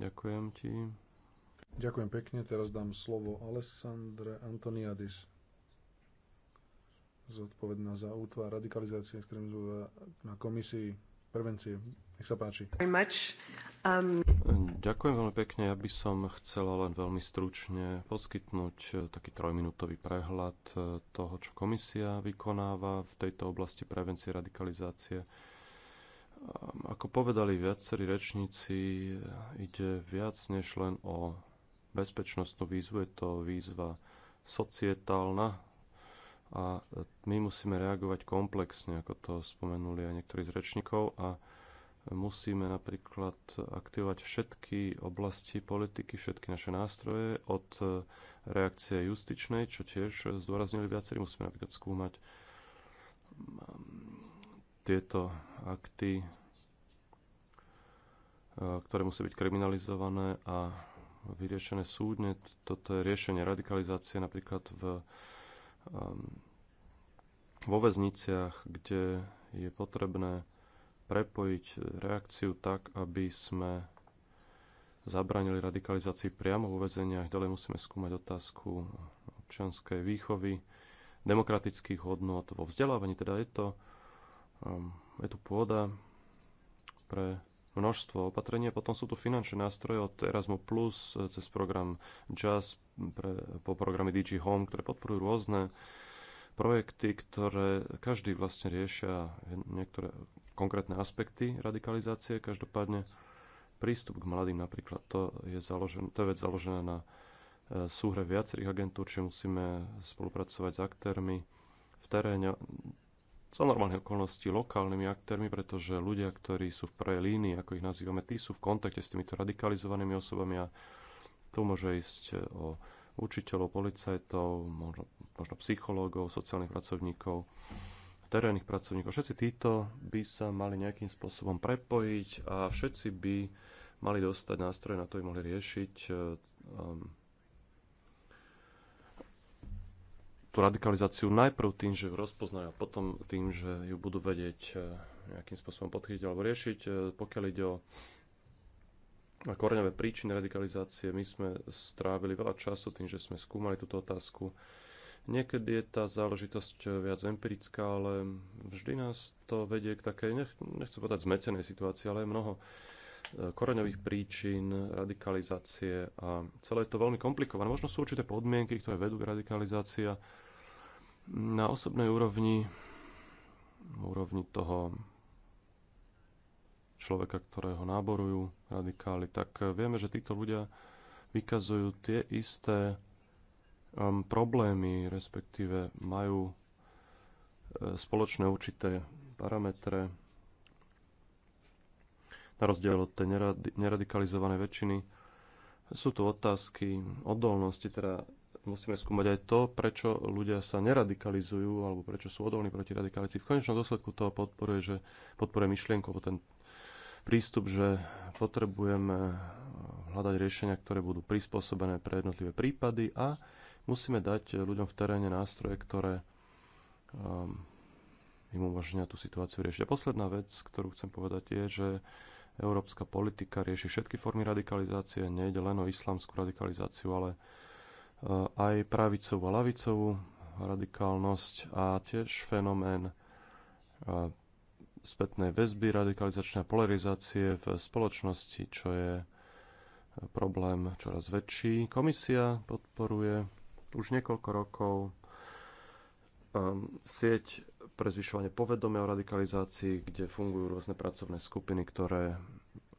Ďakujem ti. Ďakujem pekne. Teraz dám slovo Alessandre Antoniadis zodpovedná za útvar radikalizácie extrémizmu na komisii prevencie. Nech sa páči. Um... Ďakujem veľmi pekne. Ja by som chcela len veľmi stručne poskytnúť eh, taký trojminútový prehľad eh, toho, čo komisia vykonáva v tejto oblasti prevencie radikalizácie. Um, ako povedali viacerí rečníci, eh, ide viac než len o bezpečnostnú výzvu. Je to výzva societálna, a my musíme reagovať komplexne, ako to spomenuli aj niektorí z rečníkov a musíme napríklad aktivovať všetky oblasti politiky, všetky naše nástroje od reakcie justičnej, čo tiež zdôraznili viacerí, musíme napríklad skúmať um, tieto akty, uh, ktoré musí byť kriminalizované a vyriešené súdne. Toto je riešenie radikalizácie napríklad v Ehm, vo väzniciach, kde je potrebné prepojiť reakciu tak, aby sme zabránili radikalizácii priamo vo väzeniach. Ďalej musíme skúmať otázku občianskej výchovy, demokratických hodnot vo vzdelávaní. Teda je to ehm, je tu pôda pre množstvo opatrenie. Potom sú tu finančné nástroje od Erasmus+, eh, cez program JASP, pre, po programy DG Home, ktoré podporujú rôzne projekty, ktoré každý vlastne riešia niektoré konkrétne aspekty radikalizácie. Každopádne prístup k mladým napríklad, to je, založen, to je vec založená na e, súhre viacerých agentúr, či musíme spolupracovať s aktérmi v teréne za normálne okolnosti lokálnymi aktérmi, pretože ľudia, ktorí sú v prvej línii, ako ich nazývame, tí sú v kontakte s týmito radikalizovanými osobami a tu môže ísť e, o učiteľov, policajtov, možno, možno psychológov, sociálnych pracovníkov, terénnych pracovníkov. Všetci títo by sa mali nejakým spôsobom prepojiť a všetci by mali dostať nástroje na to, aby mohli riešiť e, um, tú radikalizáciu najprv tým, že ju rozpoznajú a potom tým, že ju budú vedieť e, nejakým spôsobom podchytiť alebo riešiť. Pokiaľ ide o a koreňové príčiny radikalizácie. My sme strávili veľa času tým, že sme skúmali túto otázku. Niekedy je tá záležitosť viac empirická, ale vždy nás to vedie k takej, nech, nechcem povedať zmetenej situácii, ale je mnoho e, koreňových príčin, radikalizácie a celé je to veľmi komplikované. Možno sú určité podmienky, ktoré vedú k radikalizácii na osobnej úrovni, úrovni toho človeka, ktorého náborujú radikáli, tak vieme, že títo ľudia vykazujú tie isté um, problémy, respektíve majú e, spoločné určité parametre, na rozdiel od tej nerad- neradikalizovanej väčšiny. Sú tu otázky odolnosti, teda musíme skúmať aj to, prečo ľudia sa neradikalizujú alebo prečo sú odolní proti radikalizácii. V konečnom dôsledku to podporuje, že podporuje myšlienku, alebo ten prístup, že potrebujeme eh, hľadať riešenia, ktoré budú prispôsobené pre jednotlivé prípady a musíme dať ľuďom v teréne nástroje, ktoré ehm, im umožnia tú situáciu riešiť. A posledná vec, ktorú chcem povedať, je, že európska politika rieši všetky formy radikalizácie, nejde len o islamskú radikalizáciu, ale eh, aj pravicovú a lavicovú radikálnosť a tiež fenomén eh, spätnej väzby, radikalizačné polarizácie v spoločnosti, čo je problém čoraz väčší. Komisia podporuje už niekoľko rokov um, sieť pre zvyšovanie povedomia o radikalizácii, kde fungujú rôzne pracovné skupiny, ktoré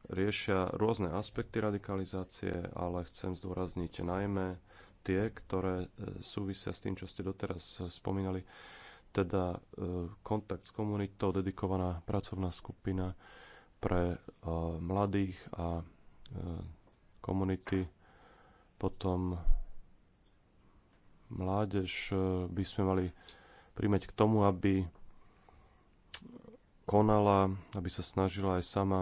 riešia rôzne aspekty radikalizácie, ale chcem zdôrazniť najmä tie, ktoré e, súvisia s tým, čo ste doteraz e, spomínali teda e, kontakt s komunitou, dedikovaná pracovná skupina pre e, mladých a e, komunity. Potom mládež by sme mali príjmať k tomu, aby konala, aby sa snažila aj sama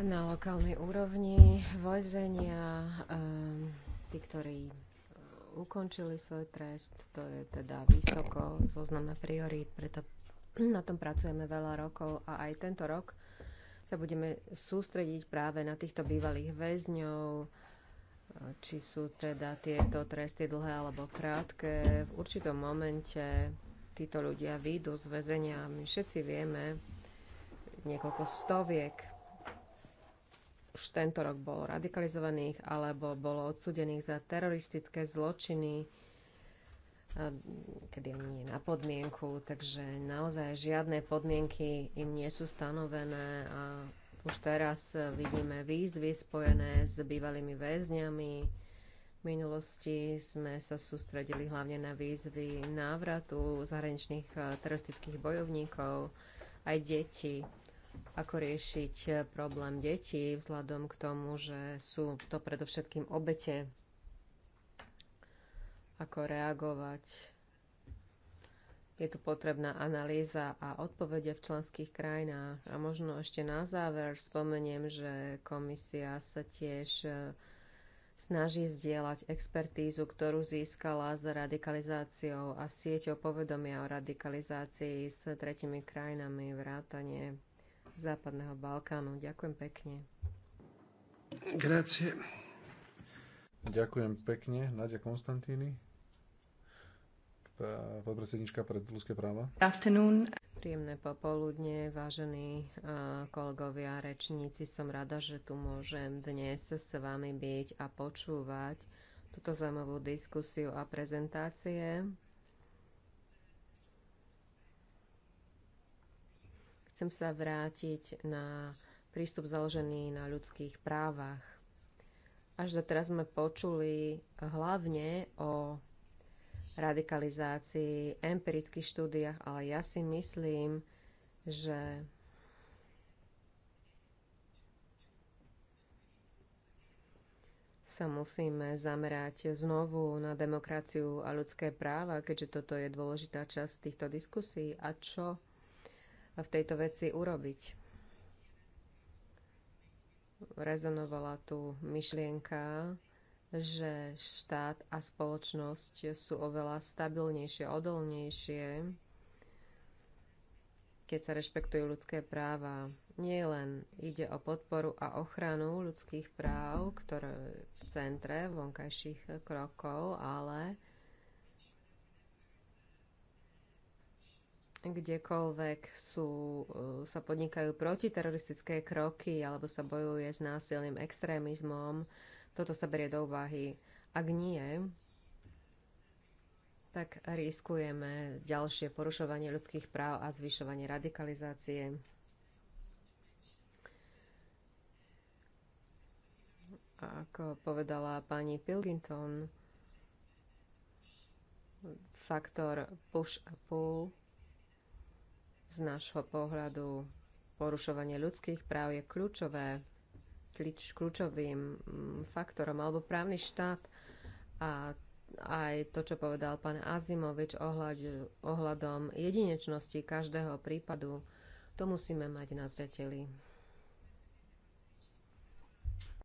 na lokálnej úrovni, vojzenia, tí, ktorí ukončili svoj trest. To je teda vysoko zozname priorít, preto [clears throat] na tom pracujeme veľa rokov a aj tento rok sa budeme sústrediť práve na týchto bývalých väzňov, e, či sú teda tieto tresty dlhé alebo krátke. V určitom momente títo ľudia výjdu z väzenia. My všetci vieme, niekoľko stoviek už tento rok bolo radikalizovaných alebo bolo odsudených za teroristické zločiny, kedy oni nie na podmienku, takže naozaj žiadne podmienky im nie sú stanovené a už teraz vidíme výzvy spojené s bývalými väzňami. V minulosti sme sa sústredili hlavne na výzvy návratu zahraničných teroristických bojovníkov aj detí ako riešiť eh, problém detí vzhľadom k tomu, že sú to predovšetkým obete, ako reagovať. Je tu potrebná analýza a odpovede v členských krajinách. A možno ešte na záver spomeniem, že komisia sa tiež eh, snaží zdieľať expertízu, ktorú získala s radikalizáciou a sieťou povedomia o radikalizácii s tretimi krajinami vrátane Západného Balkánu. Ďakujem pekne. Grazie. Ďakujem pekne, Nadia Konstantíny, podpredsednička pre ľudské práva. Afternoon. Príjemné popoludne, vážení kolegovia, rečníci. Som rada, že tu môžem dnes s vami byť a počúvať túto zaujímavú diskusiu a prezentácie. Chcem sa vrátiť na prístup založený na ľudských právach. Až teraz sme počuli hlavne o radikalizácii, empirických štúdiách, ale ja si myslím, že sa musíme zamerať znovu na demokraciu a ľudské práva, keďže toto je dôležitá časť týchto diskusí. A čo v tejto veci urobiť. Rezonovala tu myšlienka, že štát a spoločnosť sú oveľa stabilnejšie, odolnejšie, keď sa rešpektujú ľudské práva. Nie len ide o podporu a ochranu ľudských práv, ktoré v centre vonkajších krokov, ale kdekoľvek sú, e, sa podnikajú protiteroristické kroky alebo sa bojuje s násilným extrémizmom, toto sa berie do úvahy. Ak nie, tak riskujeme ďalšie porušovanie ľudských práv a zvyšovanie radikalizácie. A ako povedala pani Pilginton, faktor push a pull z nášho pohľadu porušovanie ľudských práv je kľúčové, klič, kľúčovým mm, faktorom alebo právny štát a aj to, čo povedal pán Azimovič ohľad, ohľadom jedinečnosti každého prípadu, to musíme mať na zreteli.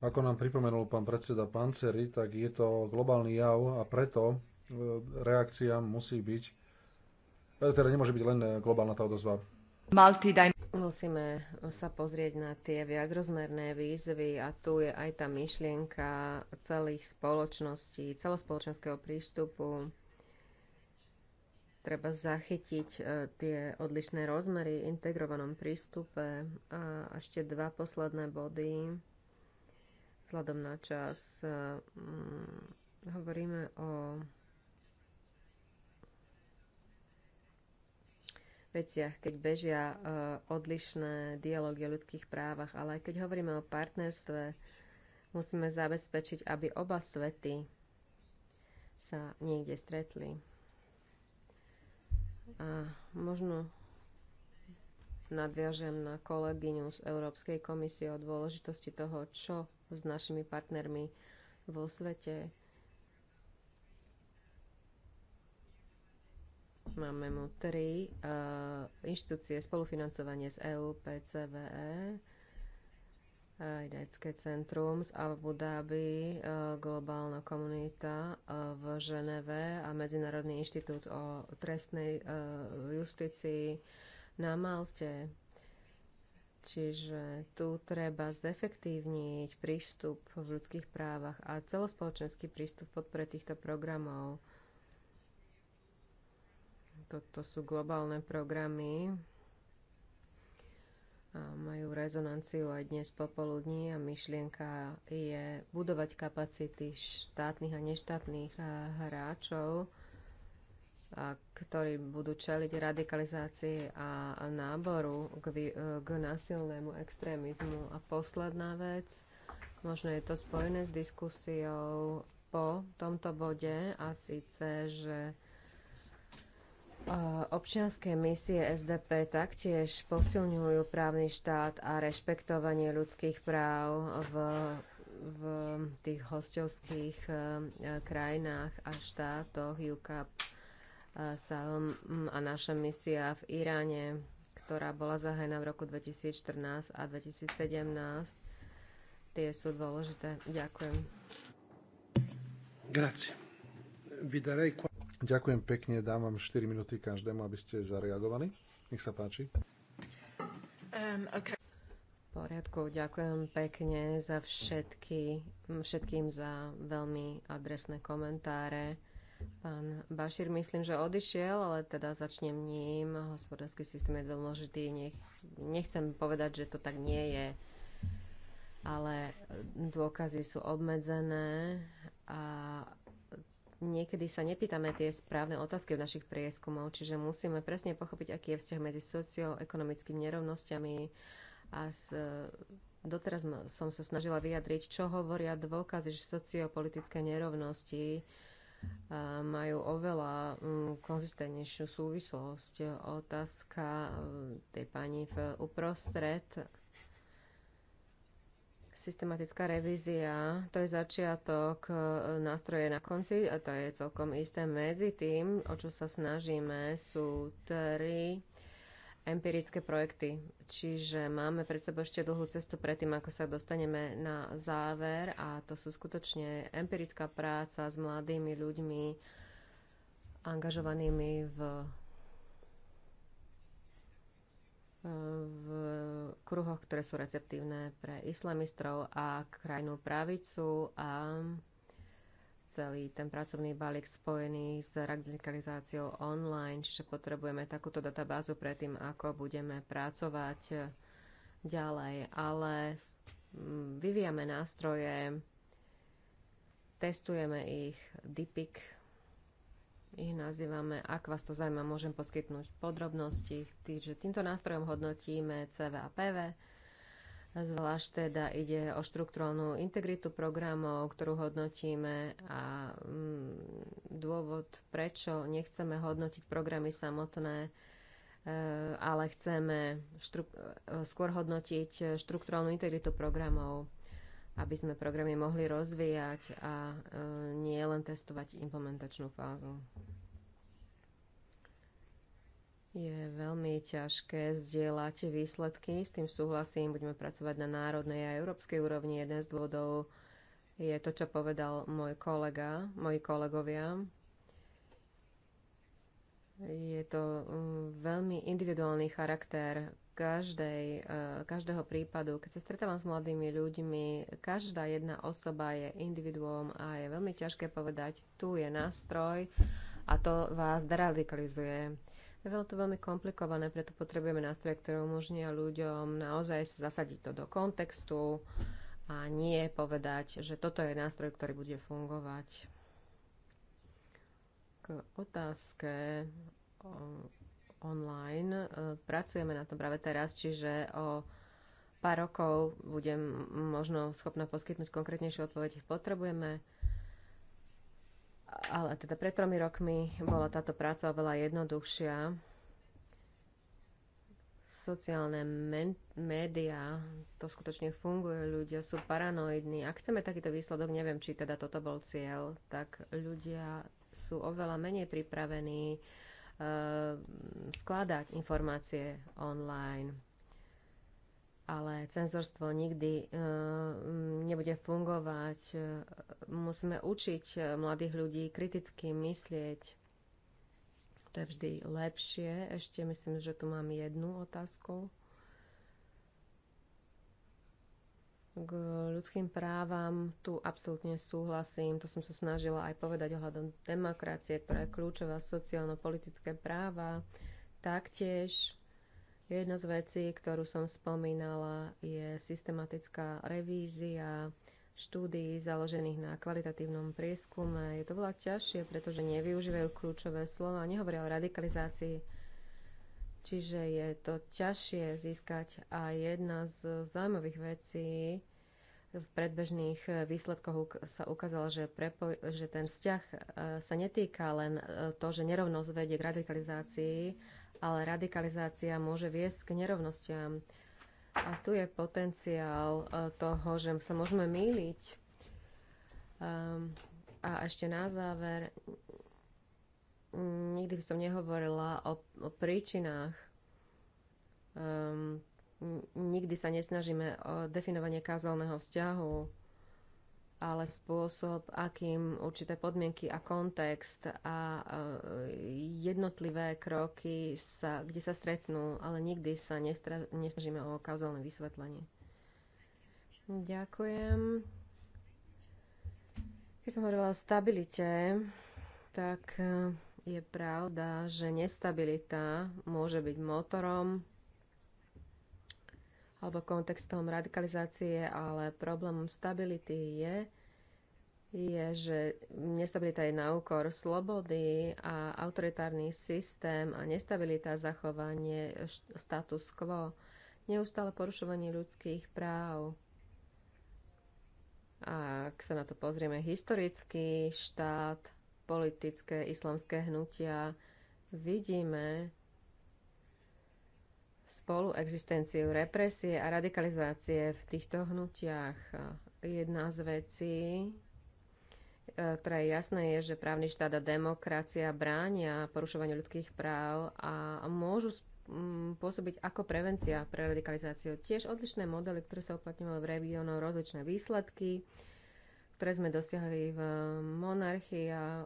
Ako nám pripomenul pán predseda Panceri, tak je to globálny jav a preto e, reakcia musí byť teda nemôže byť len eh, globálna tá odozva. Musíme sa pozrieť na tie viacrozmerné výzvy a tu je aj tá myšlienka celých spoločností, celospoločenského prístupu. Treba zachytiť eh, tie odlišné rozmery v integrovanom prístupe. A ešte dva posledné body. Vzhľadom na čas eh, mm, hovoríme o veciach, keď bežia e, odlišné dialógy o ľudských právach, ale aj keď hovoríme o partnerstve, musíme zabezpečiť, aby oba svety sa niekde stretli. A možno nadviažem na kolegyňu z Európskej komisie o dôležitosti toho, čo s našimi partnermi vo svete Máme mu tri uh, inštitúcie spolufinancovanie z EU, PCVE, eh, Dajské centrum z Abu Dhabi, uh, globálna komunita uh, v Ženeve a Medzinárodný inštitút o trestnej justícii na Malte. Čiže tu treba zefektívniť prístup v ľudských právach a celospoločenský prístup podpre týchto programov. Toto sú globálne programy, majú rezonanciu aj dnes popoludní a myšlienka je budovať kapacity štátnych a neštátnych hráčov, a ktorí budú čeliť radikalizácii a náboru k, e, k násilnému extrémizmu. A posledná vec, možno je to spojené s diskusiou po tomto bode a síce, že Občianské misie SDP taktiež posilňujú právny štát a rešpektovanie ľudských práv v, v tých hostovských e, krajinách a štátoch UCAP e, mm, a naša misia v Iráne, ktorá bola zahájená v roku 2014 a 2017. Tie sú dôležité. Ďakujem. Grazie. Ďakujem pekne, dám vám 4 minúty každému, aby ste zareagovali. Nech sa páči. Um, okay. V poriadku, ďakujem pekne za všetky, všetkým za veľmi adresné komentáre. Pán Bašir, myslím, že odišiel, ale teda začnem ním. Hospodársky systém je veľmi dôležitý. Nech, nechcem povedať, že to tak nie je, ale dôkazy sú obmedzené a niekedy sa nepýtame tie správne otázky v našich prieskumov, čiže musíme presne pochopiť, aký je vzťah medzi socioekonomickými nerovnosťami a s, doteraz som sa snažila vyjadriť, čo hovoria dôkazy, že sociopolitické nerovnosti majú oveľa mm, konzistentnejšiu súvislosť. Otázka mm, tej pani v uprostred systematická revízia, to je začiatok e, nástroje na konci a to je celkom isté. Medzi tým, o čo sa snažíme, sú tri empirické projekty. Čiže máme pred sebou ešte dlhú cestu predtým, ako sa dostaneme na záver a to sú skutočne empirická práca s mladými ľuďmi angažovanými v v kruhoch, ktoré sú receptívne pre islamistrov a krajnú pravicu a celý ten pracovný balík spojený s radikalizáciou online, čiže potrebujeme takúto databázu predtým, ako budeme pracovať ďalej, ale vyvíjame nástroje, testujeme ich, DIPIC, ich nazývame, ak vás to zaujíma, môžem poskytnúť podrobnosti. Týže týmto nástrojom hodnotíme CV a PV. Zvlášť teda ide o štruktúrnu integritu programov, ktorú hodnotíme a mm, dôvod, prečo nechceme hodnotiť programy samotné, e, ale chceme e, skôr hodnotiť štruktúrnu integritu programov aby sme programy mohli rozvíjať a e, nie len testovať implementačnú fázu. Je veľmi ťažké zdieľať výsledky, s tým súhlasím, budeme pracovať na národnej a európskej úrovni. Jeden z dôvodov je to, čo povedal môj kolega, moji kolegovia. Je to mm, veľmi individuálny charakter každej, eh, každého prípadu. Keď sa stretávam s mladými ľuďmi, každá jedna osoba je individuom a je veľmi ťažké povedať, tu je nástroj a to vás deradikalizuje. Je to veľmi komplikované, preto potrebujeme nástroje, ktoré umožnia ľuďom naozaj sa zasadiť to do kontextu a nie povedať, že toto je nástroj, ktorý bude fungovať. K otázke online. E, pracujeme na tom práve teraz, čiže o pár rokov budem možno schopná poskytnúť konkrétnejšie odpoveď, ich potrebujeme. Ale teda pred tromi rokmi bola táto práca oveľa jednoduchšia. Sociálne médiá, to skutočne funguje, ľudia sú paranoidní. Ak chceme takýto výsledok, neviem, či teda toto bol cieľ, tak ľudia sú oveľa menej pripravení Eh, vkladať informácie online. Ale cenzorstvo nikdy eh, nebude fungovať. Eh, musíme učiť mladých ľudí kriticky myslieť. To je vždy lepšie. Ešte myslím, že tu mám jednu otázku. K ľudským právam tu absolútne súhlasím, to som sa snažila aj povedať ohľadom demokracie, ktorá je kľúčová, sociálno-politické práva. Taktiež jedna z vecí, ktorú som spomínala, je systematická revízia štúdií založených na kvalitatívnom prieskume. Je to veľa ťažšie, pretože nevyužívajú kľúčové slova, nehovoria o radikalizácii Čiže je to ťažšie získať a jedna z zaujímavých vecí v predbežných výsledkoch sa ukázalo, že, prepo- že ten vzťah e, sa netýka len e, to, že nerovnosť vedie k radikalizácii, ale radikalizácia môže viesť k nerovnostiam. A tu je potenciál e, toho, že sa môžeme míliť. Ehm, a ešte na záver, Mm, nikdy by som nehovorila o, o príčinách. Um, nikdy sa nesnažíme o definovanie kázalného vzťahu, ale spôsob, akým určité podmienky a kontext a e, jednotlivé kroky, sa, kde sa stretnú, ale nikdy sa nestra, nesnažíme o kauzálne vysvetlenie. Ďakujem. Keď som hovorila o stabilite, tak e, je pravda, že nestabilita môže byť motorom alebo kontextom radikalizácie, ale problémom stability je, je, že nestabilita je na úkor slobody a autoritárny systém a nestabilita zachovanie status quo, neustále porušovanie ľudských práv. A ak sa na to pozrieme historicky, štát politické islamské hnutia. Vidíme spolu existenciu represie a radikalizácie v týchto hnutiach. Jedna z vecí, e, ktorá je jasné, je, že právny štát a demokracia bránia porušovaniu ľudských práv a môžu pôsobiť ako prevencia pre radikalizáciu. Tiež odlišné modely, ktoré sa uplatňovali v regiónoch, rozličné výsledky ktoré sme dosiahli v eh, monarchii a eh,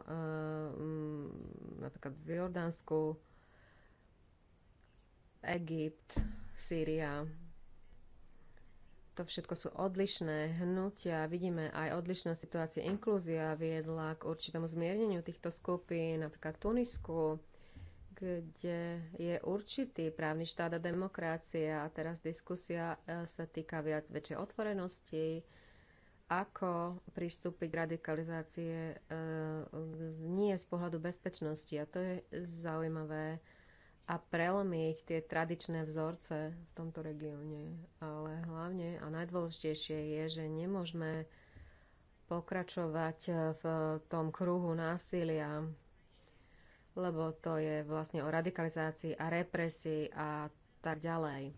mm, napríklad v Jordánsku, Egypt, Sýria. To všetko sú odlišné hnutia. Vidíme aj odlišné situácie. Inklúzia viedla k určitému zmierneniu týchto skupín, napríklad Tunisku, kde je určitý právny štát a demokracia. A teraz diskusia eh, sa týka viac väčšej otvorenosti, ako pristúpiť k radikalizácie e, nie z pohľadu bezpečnosti. A to je zaujímavé. A prelomiť tie tradičné vzorce v tomto regióne. Ale hlavne a najdôležitejšie je, že nemôžeme pokračovať v tom kruhu násilia, lebo to je vlastne o radikalizácii a represii a tak ďalej.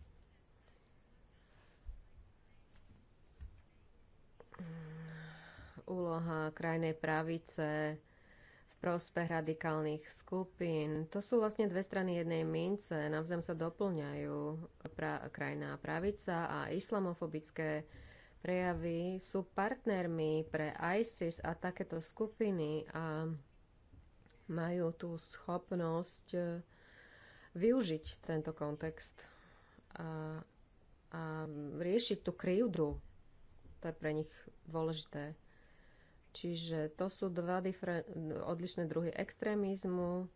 úloha krajnej pravice v prospech radikálnych skupín. To sú vlastne dve strany jednej mince, navzájom sa doplňajú pra- krajná pravica a islamofobické prejavy sú partnermi pre ISIS a takéto skupiny a majú tú schopnosť využiť tento kontext a, a riešiť tú krivdu. To je pre nich dôležité. Čiže to sú dva odlišné druhy extrémizmu.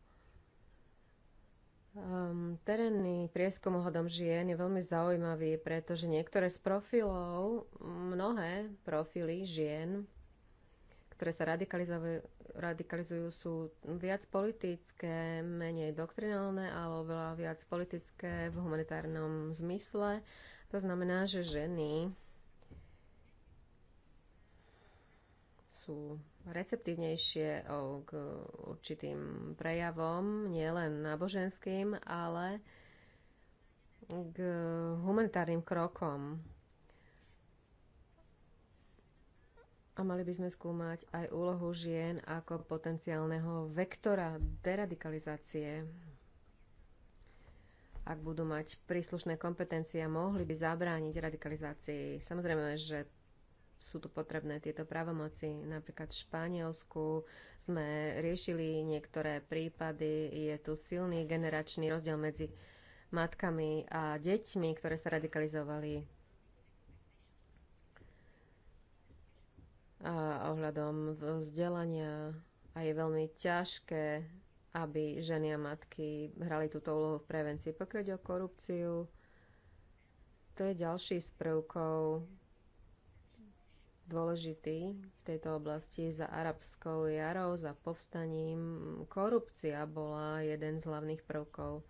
Um, terénny prieskum ohľadom žien je veľmi zaujímavý, pretože niektoré z profilov, mnohé profily žien, ktoré sa radikalizujú, radikalizujú sú viac politické, menej doktrinálne, ale oveľa viac politické v humanitárnom zmysle. To znamená, že ženy sú receptívnejšie k určitým prejavom, nielen náboženským, ale k humanitárnym krokom. A mali by sme skúmať aj úlohu žien ako potenciálneho vektora deradikalizácie. Ak budú mať príslušné kompetencie, mohli by zabrániť radikalizácii. Samozrejme, že sú tu potrebné tieto právomoci. Napríklad v Španielsku sme riešili niektoré prípady, je tu silný generačný rozdiel medzi matkami a deťmi, ktoré sa radikalizovali a ohľadom vzdelania a je veľmi ťažké, aby ženy a matky hrali túto úlohu v prevencii. Pokiaľ o korupciu, to je ďalší z prvkov, dôležitý v tejto oblasti za arabskou jarou, za povstaním. Korupcia bola jeden z hlavných prvkov.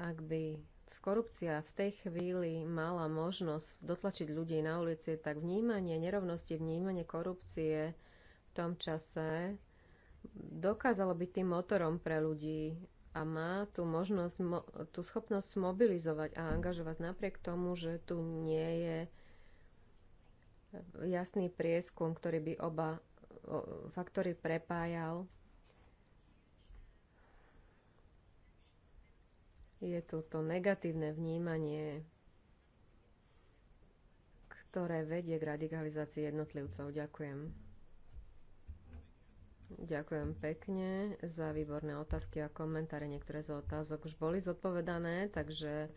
Ak by korupcia v tej chvíli mala možnosť dotlačiť ľudí na ulici, tak vnímanie nerovnosti, vnímanie korupcie v tom čase dokázalo byť tým motorom pre ľudí a má tú možnosť, tú schopnosť mobilizovať a angažovať napriek tomu, že tu nie je jasný prieskum, ktorý by oba faktory prepájal. Je tu to negatívne vnímanie, ktoré vedie k radikalizácii jednotlivcov. Ďakujem. Ďakujem pekne za výborné otázky a komentáre. Niektoré z otázok už boli zodpovedané, takže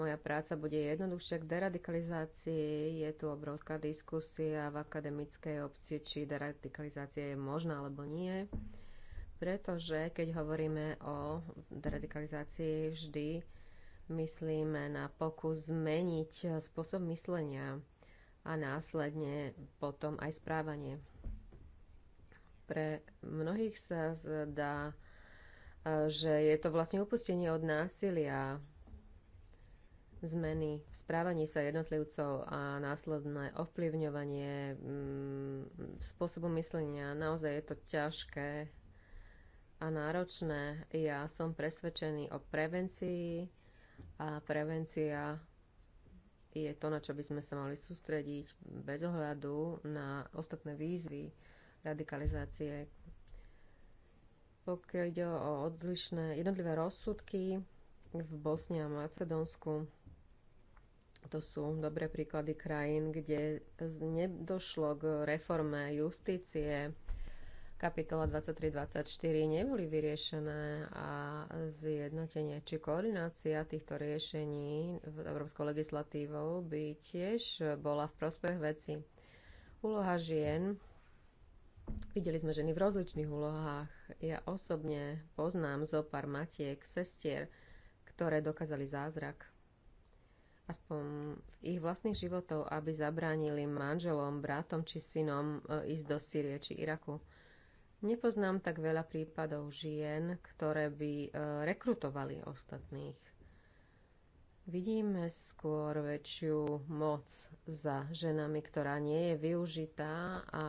moja práca bude jednoduchšia k deradikalizácii. Je tu obrovská diskusia v akademickej obci, či deradikalizácia je možná alebo nie. Pretože keď hovoríme o deradikalizácii, vždy myslíme na pokus zmeniť spôsob myslenia a následne potom aj správanie. Pre mnohých sa zdá, že je to vlastne upustenie od násilia, zmeny v správaní sa jednotlivcov a následné ovplyvňovanie mm, spôsobu myslenia. Naozaj je to ťažké a náročné. Ja som presvedčený o prevencii a prevencia je to, na čo by sme sa mali sústrediť bez ohľadu na ostatné výzvy radikalizácie. Pokiaľ ide o odlišné jednotlivé rozsudky v Bosne a Macedónsku, to sú dobré príklady krajín, kde nedošlo k reforme justície. Kapitola 23-24 neboli vyriešené a zjednotenie či koordinácia týchto riešení európskou legislatívou by tiež bola v prospech veci. Úloha žien Videli sme ženy v rozličných úlohách. Ja osobne poznám zo pár matiek, sestier, ktoré dokázali zázrak aspoň ich vlastných životov, aby zabránili manželom, bratom či synom e, ísť do Sýrie či Iraku. Nepoznám tak veľa prípadov žien, ktoré by e, rekrutovali ostatných. Vidíme skôr väčšiu moc za ženami, ktorá nie je využitá a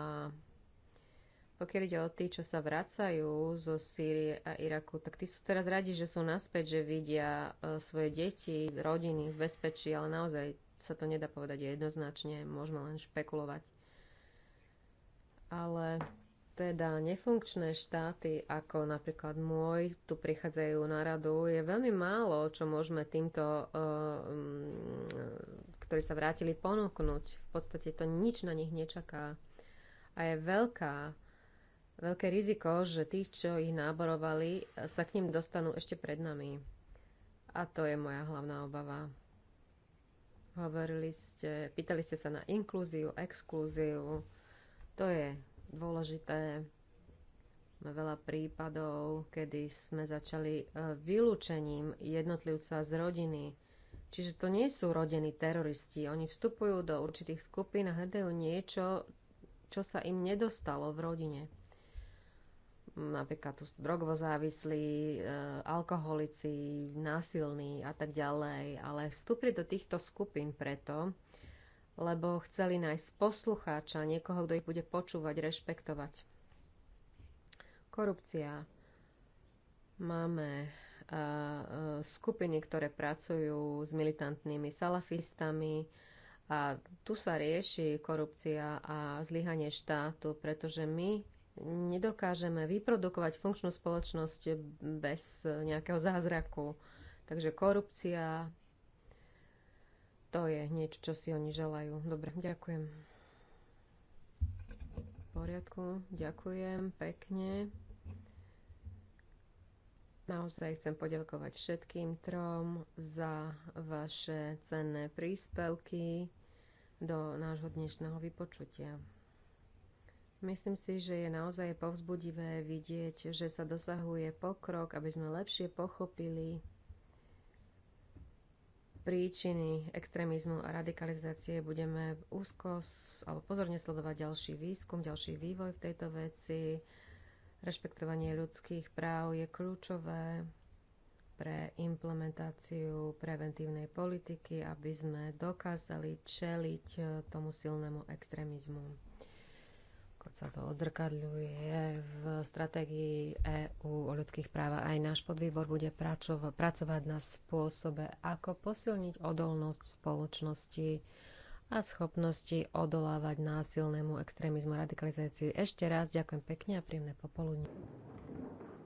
pokiaľ ide o tí, čo sa vracajú zo Sýrie a Iraku, tak tí sú teraz radi, že sú naspäť, že vidia e, svoje deti, rodiny v bezpečí, ale naozaj sa to nedá povedať jednoznačne, môžeme len špekulovať. Ale teda nefunkčné štáty, ako napríklad môj, tu prichádzajú na radu, je veľmi málo, čo môžeme týmto, e, mm, ktorí sa vrátili, ponúknuť. V podstate to nič na nich nečaká a je veľká veľké riziko, že tých, čo ich náborovali, sa k ním dostanú ešte pred nami. A to je moja hlavná obava. Hovorili ste, pýtali ste sa na inklúziu, exklúziu. To je dôležité. Veľa prípadov, kedy sme začali e, vylúčením jednotlivca z rodiny. Čiže to nie sú rodení teroristi. Oni vstupujú do určitých skupín a hľadajú niečo, čo sa im nedostalo v rodine napríklad tu sú drogozávislí, e, alkoholici, násilní a tak ďalej, ale vstúpili do týchto skupín preto, lebo chceli nájsť poslucháča, niekoho, kto ich bude počúvať, rešpektovať. Korupcia. Máme e, e, skupiny, ktoré pracujú s militantnými salafistami a tu sa rieši korupcia a zlyhanie štátu, pretože my nedokážeme vyprodukovať funkčnú spoločnosť bez nejakého zázraku. Takže korupcia, to je niečo, čo si oni želajú. Dobre, ďakujem. V poriadku, ďakujem pekne. Naozaj chcem poďakovať všetkým trom za vaše cenné príspevky do nášho dnešného vypočutia. Myslím si, že je naozaj povzbudivé vidieť, že sa dosahuje pokrok, aby sme lepšie pochopili príčiny extrémizmu a radikalizácie. Budeme úzko alebo pozorne sledovať ďalší výskum, ďalší vývoj v tejto veci. Rešpektovanie ľudských práv je kľúčové pre implementáciu preventívnej politiky, aby sme dokázali čeliť eh, tomu silnému extrémizmu ako sa to odzrkadľuje v stratégii EÚ o ľudských právach. Aj náš podvýbor bude pracovať na spôsobe, ako posilniť odolnosť spoločnosti a schopnosti odolávať násilnému extrémizmu radikalizácii. Ešte raz ďakujem pekne a príjemné popoludne.